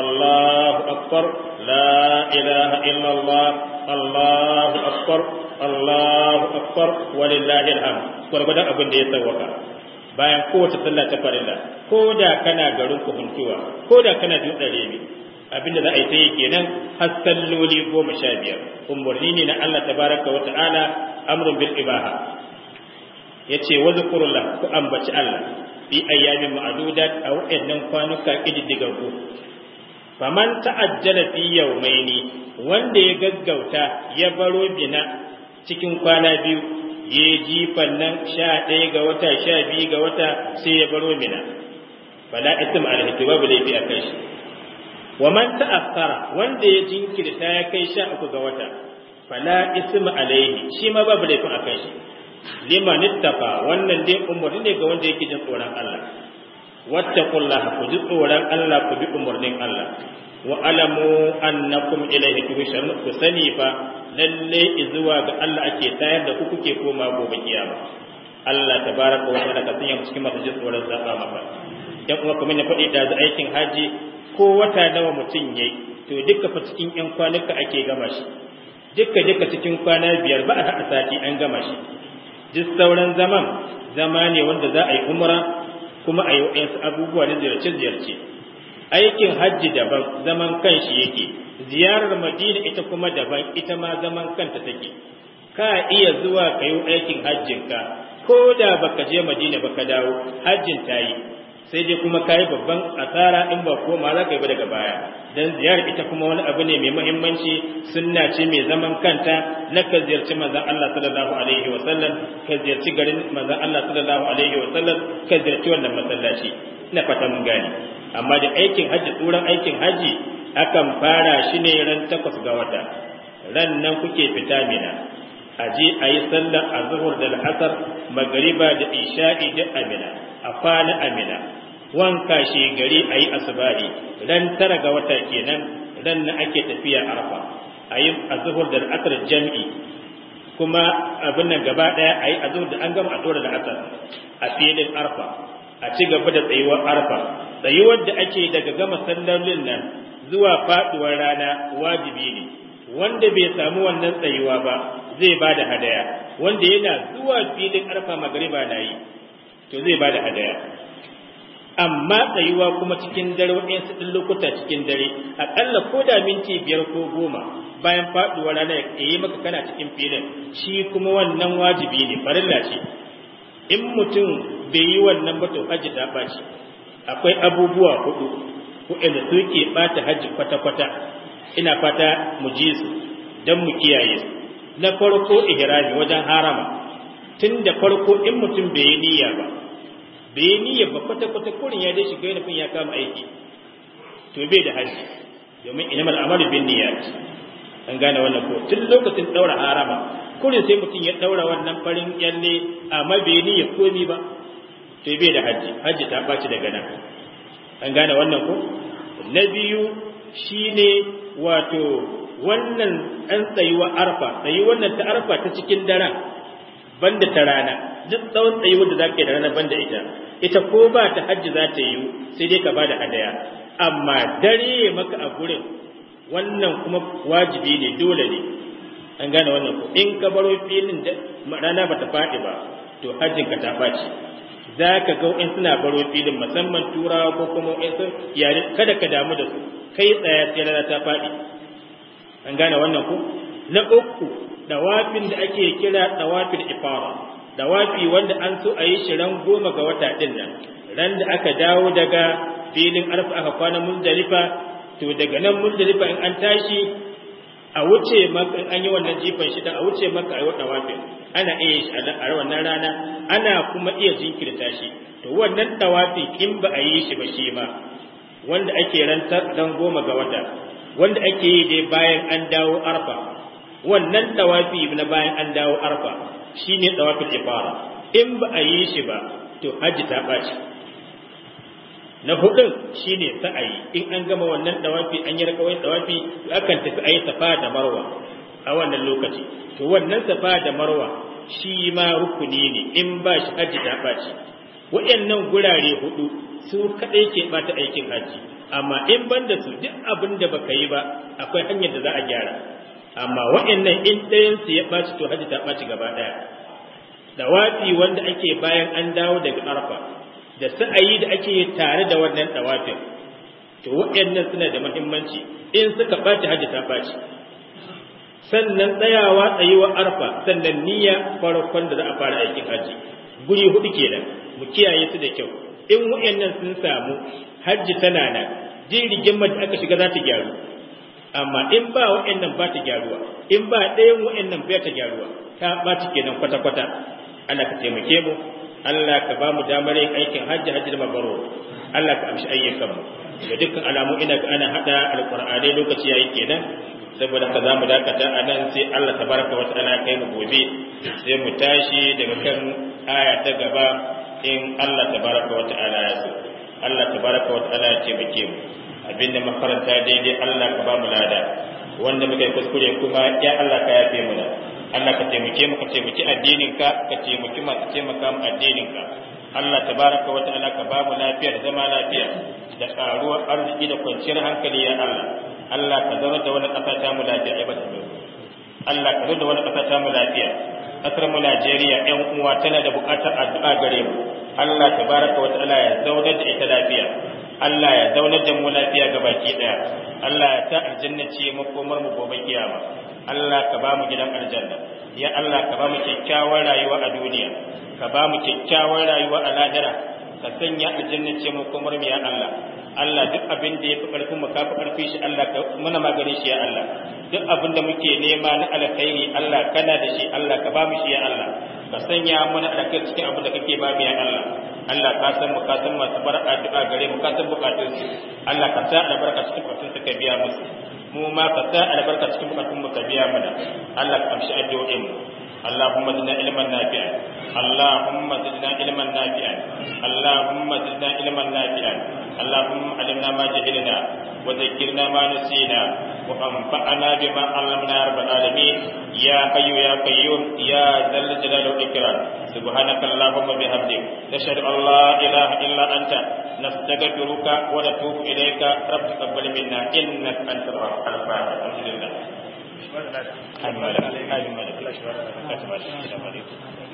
Allahu akbar la ilaha illallah Allahu akbar Allahu akbar walillahi alhamd gwargwadon abin da ya sauwaka bayan kowace sallah ta farilla ko da kana garin kuhuntuwa ko da kana dutsen remi abinda za a yi ta yi kenan har salloli goma sha biyar umarni ne na Allah tabaraka wa ta'ala amrun bil ibaha yace wa zikrullah ku ambaci Allah bi ayyamin ma'dudat a waɗannan kwanuka kididdigaggu faman ta'ajjala fi yawmaini wanda ya gaggauta ya baro bina cikin kwana biyu ya ji fannan sha ɗaya ga wata sha biyu ga wata sai ya baro mina fala ism alhaki babu laifi a kai shi wa man ta'akkara wanda ya jinkirta ya kai sha uku ga wata fala itim alaihi shi ma babu laifin a kai shi liman ittaqa wannan dai umarni ne ga wanda yake jin tsoron Allah wattaqullaha ku ji tsoron Allah ku bi umarnin Allah wa alamu annakum ilayhi tuhsharun ku sani fa lalle izuwa ga Allah ake tayar da ku kuke koma gobe kiyama Allah tabaraka wa ta'ala ka sanya cikin masu jin tsoron zaba maka dan kuma kuma ne faɗi da aikin haji ko wata nawa mutum yayi to duka fa cikin yan kwanuka ake gama shi duka duka cikin kwana biyar ba a sati an gama shi duk sauran zaman zama ne wanda za a yi umra kuma a yi abubuwa na ziyarce-ziyarce aikin hajji daban zaman kanshi yake ziyarar madina ita kuma daban ita ma zaman kanta take ka iya zuwa ka yi aikin hajjinka ko da baka je madina baka dawo hajjin ta yi sai dai kuma kayi babban asara in ba koma za ka yi ba daga baya dan ziyarar ita kuma wani abu ne mai muhimmanci sunna ce mai zaman kanta na ka ziyarci manzon Allah sallallahu alaihi wa sallam ka ziyarci garin manzon Allah sallallahu alaihi wa sallam ka ziyarci wannan masallaci ina fata mun gani. amma da aikin haji tsoron aikin haji akan fara shi ne ran takwas ga wata ran nan kuke fita mina a je a yi sallar zuhur da al'asar magariba da isha'i da amina a fana amina wanka shi gari a yi asubahi ran tara ga wata kenan ran na ake tafiya arfa a yi zuhur da al'asar jam'i kuma abin nan gaba ɗaya a yi zuhur da an gama a tsora da a filin arfa a ci gaba da tsayuwar arfa tsayuwar da ake daga gama sallolin nan zuwa faɗuwar rana wajibi ne wanda bai samu wannan tsayuwa ba zai ba da hadaya wanda yana zuwa filin arfa magariba na yi to zai ba hadaya amma tsayuwa kuma cikin dare waɗansu ɗin lokuta cikin dare aƙalla ko da minti biyar ko goma bayan faɗuwa rana ya yi maka kana cikin filin shi kuma wannan wajibi ne farilla ce in mutum bai yi wannan ba to hajji ta ɓaci akwai abubuwa hudu waɗanda suke ɓata hajji kwata-kwata ina fata mu ji su don mu kiyaye su na farko ihrami wajen harama tun da farko in mutum bai yi niyya ba bai yi niyya ba kwata kwata kurin ya dai shiga yana ya kama aiki to bai da haji domin ina al'amalu bin niyyat an gane wannan ko tun lokacin daura harama kurin sai mutum ya daura wannan farin yalle amma bai yi niyya komi ba to bai da haji haji ta baci daga nan an gane wannan ko na biyu shine wato wannan ɗan wa arfa tsayi wannan ta arfa ta cikin dara, banda ta rana duk tsawon tsayuwar da za ka yi da rana banda ita ita ko ba ta hajji za ta yi sai dai ka ba da hadaya amma dare maka a gurin wannan kuma wajibi ne dole ne an gane wannan ko in ka baro filin da rana ba ta faɗi ba to hajjinka ta faci za ka ga in suna baro filin musamman turawa ko kuma in sun yare kada ka damu da su kai tsaya sai rana ta faɗi an gane wannan ku. na uku dawafin da ake kira dawafin ifara dawafi wanda an so a yi shi ran goma ga wata din nan ran da aka dawo daga filin arfa aka kwana muzdalifa to daga nan muzdalifa in an tashi a wuce maka an yi wannan jifan shi a wuce maka a yi wata wafin ana iya shi a wannan rana ana kuma iya jinkirta shi to wannan tawafi in ba a yi shi ba shi ma wanda ake rantar dan goma ga wata wanda ake yi dai bayan an dawo arfa wannan tawafi na bayan an dawo arfa shine tawafin ifara in ba a yi shi ba to hajji ta ɓaci na hudun shine yi in an gama wannan tawafi an yi rakawai tawafi akan tafi ayi safa da marwa a wannan lokaci to wannan safa da marwa shi ma rukuni ne in ba shi haji ta baci. waɗannan gurare hudu su kaɗai ke bata aikin haji amma in banda su duk abin da baka yi ba akwai hanyar da za a gyara amma waɗannan in ɗayansu ya baci to haji ta ɓaci gaba ɗaya Ɗawafi wanda ake bayan an dawo daga arfa da sa'ayi da ake tare da wannan dawafin to waɗannan suna da muhimmanci in suka ɓaci haji ta ɓaci sannan tsayawa tsayuwar arfa sannan niyya farkon da za a fara aikin haji guri hudu kenan mu kiyaye su da kyau in wayannan sun samu hajji tana na jin rigimar aka shiga za ta gyaru amma in ba wayannan ba ta gyaruwa in ba ɗayan wayannan ba ta gyaruwa ta ta kenan kwata-kwata Allah ka taimake mu Allah ka ba mu damar yin aikin hajji hajji da mabaro Allah ka amshi ayyukan mu da dukkan alamu ina ga ana hada alqur'ani lokaci yayi kenan saboda ka zamu dakata a nan sai Allah ta baraka wata ana kai mu gobe sai mu tashi daga kan aya ta gaba in Allah baraka wata ana ya so Allah baraka wata ana ya ce muke mu abinda makaranta daidai Allah ka ba mu lada wanda muka yi kuskure kuma ya Allah ka yafe mu Allah ka taimake mu ka taimaki addinin ka ka taimaki masu taimaka mu addinin ka Allah baraka wata ana ka ba mu lafiya da zama lafiya da karuwar arziki da kwanciyar hankali ya Allah Allah ka zama da wani ƙasa ta mu lafiya ba ta Allah ka zama da wani ƙasa ta mu lafiya mu Najeriya ƴan uwa tana da buƙatar addu'a gare mu Allah tabaraka wa ta'ala ya zauna da ita lafiya Allah ya zauna da mu lafiya gabaki daya Allah ya ta aljanna ce makomar mu gobe kiyama Allah ka ba mu gidan aljanna ya Allah ka ba mu kyakkyawar rayuwa a duniya ka ba mu kyakkyawar rayuwa a lahira ka sanya aljanna ce makomar mu ya Allah Allah duk abin da ya fi ƙarfin mu ka fi ƙarfi shi Allah ka muna magani shi ya Allah duk abin da muke nema na alkhairi Allah kana da shi Allah ka ba mu shi ya Allah ka sanya mana alkhairi cikin abin da kake ba mu ya Allah Allah ka san mu ka san masu baraka addu'a gare mu ka san bukatun su Allah ka sa albarka cikin bukatun su ka biya musu mu ma ka sa albarka cikin bukatun mu ka biya mana Allah ka amshi addu'o'in mu اللهم زدنا علما نافعا اللهم زدنا علما نافعا اللهم زدنا علما نافعا اللهم علمنا ما جهلنا وذكرنا ما نسينا وانفعنا بما علمنا رب العالمين يا حي يا قيوم يا ذا الجلال والاكرام سبحانك اللهم وبحمدك نشهد ان لا اله الا انت نستغفرك ونتوب اليك رب تقبل منا انك انت الغفور الحمد لله Amin. Amin.